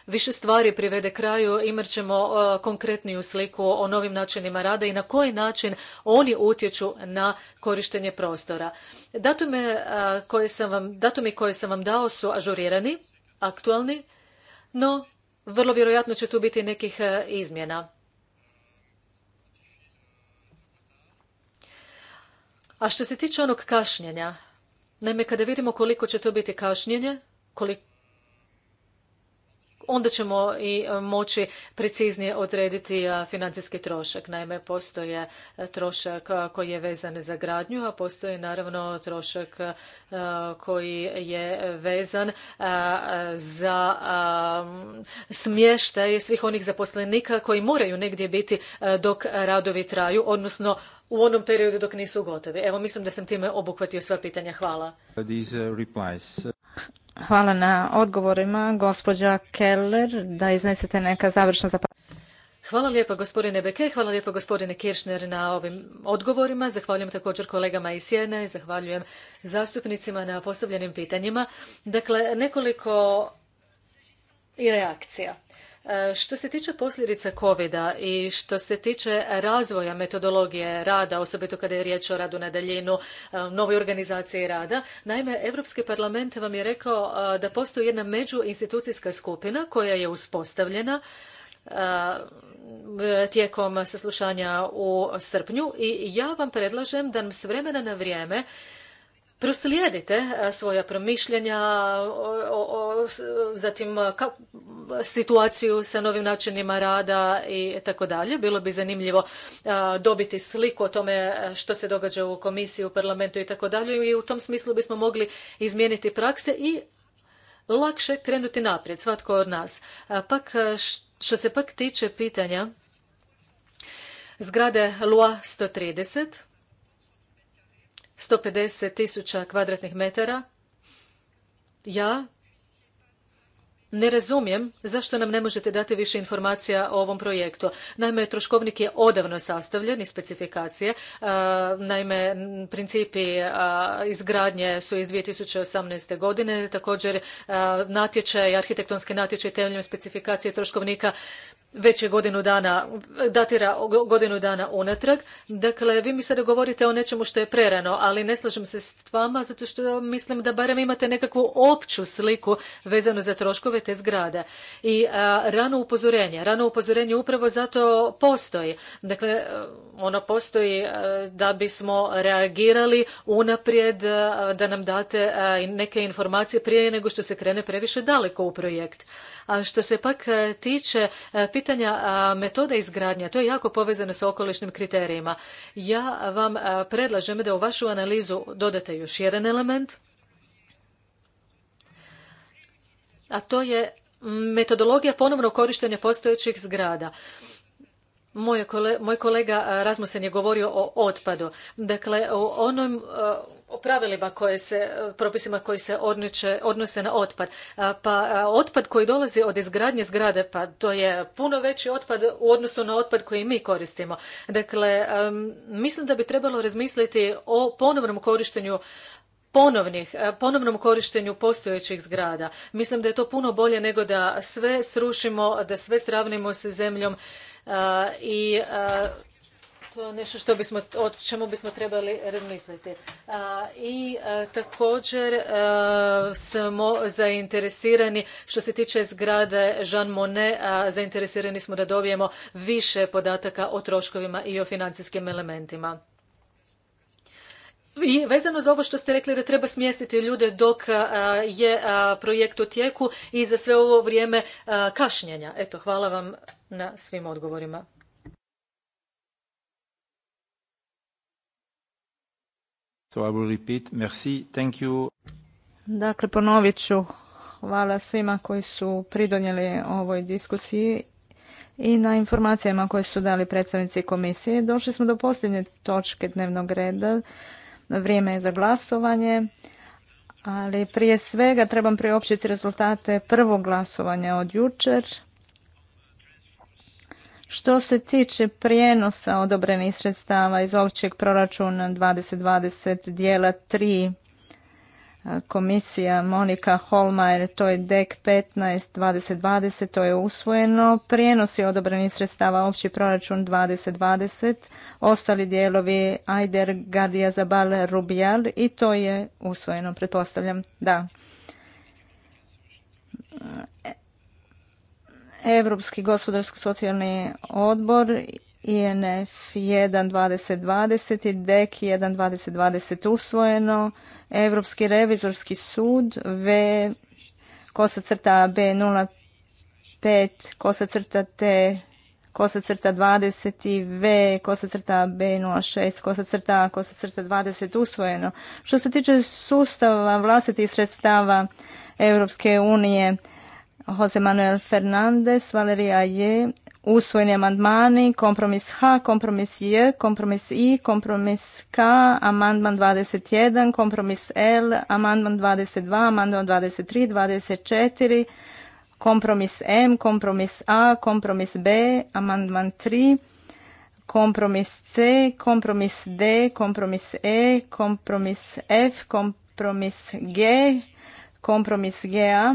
više stvari privede kraju, imat ćemo konkretniju sliku o novim načinima rada i na koji način oni utječu na korištenje prostora. Datume, koje datumi koje sam vam dao su ažurirani, aktualni, no vrlo vjerojatno će tu biti nekih izmjena. A što se tiče onog kašnjenja, naime kada vidimo koliko će to biti kašnjenje, koliko onda ćemo i e, moći preciznije odrediti e, financijski trošak. Naime, postoje e, trošak koji je vezan za gradnju, a postoji naravno trošak koji je vezan za smještaj svih onih zaposlenika koji moraju negdje biti dok radovi traju, odnosno u onom periodu dok nisu gotovi. Evo, mislim da sam time obuhvatio sva pitanja. Hvala. Uh, uh, Hvala na odgovorima, gospođa Keller, da iznesete neka završna zapravo. Hvala lijepa gospodine Beke, hvala lijepa gospodine Kiršner na ovim odgovorima. Zahvaljujem također kolegama iz Sjene, zahvaljujem zastupnicima na postavljenim pitanjima. Dakle, nekoliko i reakcija. Što se tiče posljedica covid i što se tiče razvoja metodologije rada, osobito kada je riječ o radu na daljinu, e, novoj organizaciji rada, naime, Europski parlament vam je rekao e, da postoji jedna međuinstitucijska skupina koja je uspostavljena e, tijekom saslušanja u srpnju i ja vam predlažem da nam s vremena na vrijeme proslijedite e, svoja promišljanja, zatim e, situaciju sa novim načinima rada i tako dalje. Bilo bi zanimljivo e, dobiti sliku o tome što se događa u komisiji, u parlamentu i tako dalje i u tom smislu bismo mogli izmijeniti prakse i lakše krenuti naprijed, svatko od nas. Pak, što se pak tiče pitanja zgrade Lua 130, 150 tisuća kvadratnih metara. Ja ne razumijem zašto nam ne možete dati više informacija o ovom projektu. Naime, troškovnik je odavno sastavljen i specifikacije. Naime, principi izgradnje su iz 2018. godine. Također, natječaj, arhitektonski natječaj temeljem specifikacije troškovnika već je godinu dana, datira godinu dana unatrag. Dakle, vi mi sada govorite o nečemu što je prerano, ali ne slažem se s vama zato što mislim da barem imate nekakvu opću sliku vezanu za troškove te zgrade. I rano upozorenje, rano upozorenje upravo zato postoji. Dakle, ono postoji da bismo reagirali unaprijed, da nam date neke informacije prije nego što se krene previše daleko u projekt. A što se pak e, tiče e, pitanja metode izgradnje, to je jako povezano sa okolišnim kriterijima. Ja vam e, predlažem da u vašu analizu dodate još jedan element, a to je metodologija ponovno korištenja postojećih zgrada moj kolega, eh, Razmusen je govorio o otpadu. Dakle, o onom eh, o pravilima koje se, eh, propisima koji se odnose na otpad. Pa otpad koji dolazi od izgradnje zgrade, pa to je puno veći otpad u odnosu na otpad koji mi koristimo. Dakle, mislim da bi trebalo razmisliti o ponovnom korištenju ponovnih, ponovnom korištenju postojećih zgrada. Mislim da je to puno bolje nego da sve srušimo, da sve sravnimo sa zemljom E, i e, to je nešto što bismo, o čemu bismo trebali razmisliti. E, I također smo zainteresirani što se tiče zgrade Jean Monnet, zainteresirani smo da dobijemo više podataka o troškovima i o financijskim elementima. I vezano za ovo što ste rekli da treba smjestiti ljude dok je projekt u tijeku i za sve ovo vrijeme kašnjenja. Eto, hvala vam na svim odgovorima. Dakle, ponovit ću. Hvala svima koji su pridonijeli ovoj diskusiji i na informacijama koje su dali predstavnici komisije. Došli smo do posljednje točke dnevnog reda. Vrijeme je za glasovanje, ali prije svega trebam priopćiti rezultate prvog glasovanja od jučer. Što se tiče prijenosa odobrenih sredstava iz općeg proračuna 2020 dijela 3 e, komisija Monika Holmajer, to je e DEC 15-2020, to je usvojeno. Prijenosi odobrenih sredstava opći proračun 2020, ostali dijelovi Ajder, Gardija, Zabal, Rubijal i to je usvojeno, pretpostavljam, da. Evropski gospodarsko-socijalni odbor INF 1.2020 i DEC 1.2020 e usvojeno, Evropski revizorski sud V kosa crta B05 kosa crta T kosa crta 20 i V kosa crta B06 kosa crta kosa crta 20 usvojeno. Što se tiče sustava vlastitih sredstava Europske unije, Jose Manuel Fernandez, Valerija je, usvojeni amandmani, kompromis H, kompromis J, kompromis I, kompromis K, amandman 21, kompromis L, amandman 22, amandman 23, 24, kompromis M, kompromis A, kompromis B, amandman 3, kompromis C, kompromis D, kompromis E, kompromis F, kompromis G, kompromis GA,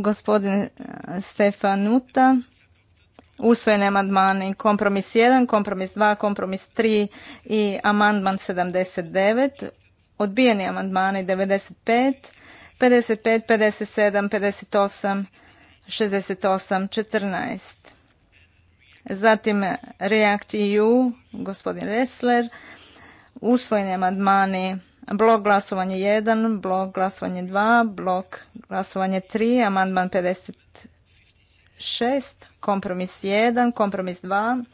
Gospodin Stefanuta, usvojene amandmani kompromis 1, kompromis 2, kompromis 3 i amandman 79, odbijeni amandmani 95, 55, 57, 58, 68, 14. Zatim React EU, gospodin Ressler, usvojeni amandmani Blok glasovanje 1, blok glasovanje 2, blok glasovanje 3, amandman 56, kompromis 1, kompromis 2,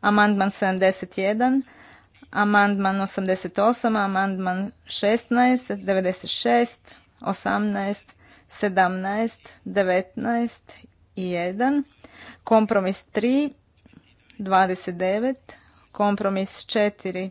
amandman 71, amandman 88, amandman 16, 96, 18, 17, 19 i 1, kompromis 3, 29, kompromis 4,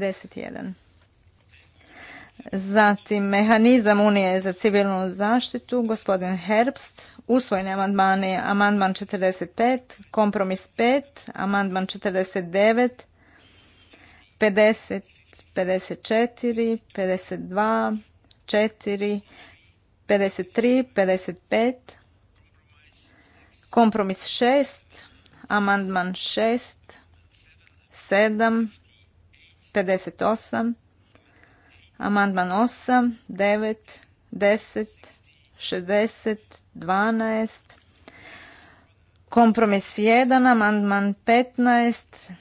51. Zatim mehanizam Unije za civilnu zaštitu, gospodin Herbst, usvojene amandmane, amandman 45, kompromis 5, amandman 49, 50, 54, 52, 4, 53, 55, kompromis 6, amandman 6, 7, 58, amandman 8, 9, 10, 60, 12, kompromis 1, amandman 15,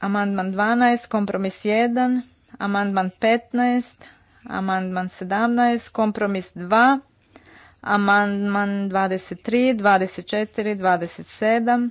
amandman 12, kompromis 1, amandman 15, amandman 17, kompromis 2, amandman 23, 24, 27,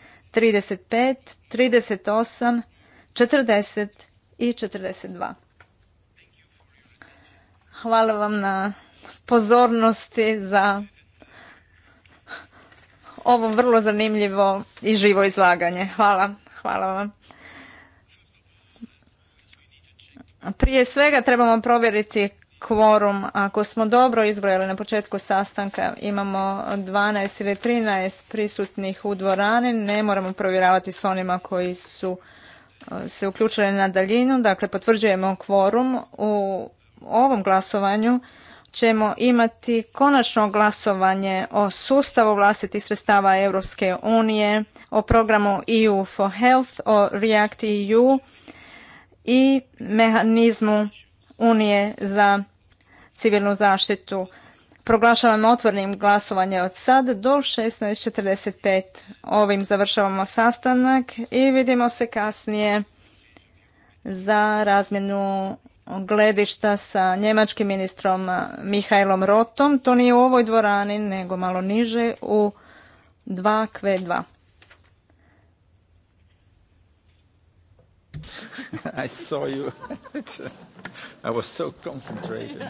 35, 38, 40 i 42. Hvala vam na pozornosti za ovo vrlo zanimljivo i živo izlaganje. Hvala, hvala vam. Prije svega trebamo provjeriti kvorum. Ako smo dobro izbrojali na početku sastanka, imamo 12 ili 13 prisutnih u dvorani, ne moramo provjeravati s onima koji su e, se uključili na daljinu, dakle potvrđujemo kvorum. U ovom glasovanju ćemo imati konačno glasovanje o sustavu vlastitih sredstava Europske unije, o programu EU for Health, o React EU i mehanizmu Unije za civilnu zaštitu. Proglašavamo otvornim glasovanje od sad do 16.45. Ovim završavamo sastanak i vidimo se kasnije za razmjenu gledišta sa njemačkim ministrom Mihajlom Rotom. To nije u ovoj dvorani, nego malo niže u 2 kve 2 [laughs] I saw you. [laughs] I was so concentrated.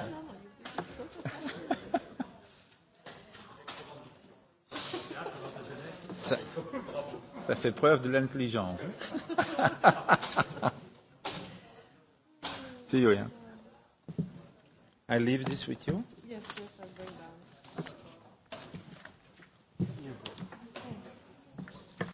Ça, ça fait preuve de l'intelligence. [laughs] See you, yeah. I leave this with you. Yes, yes.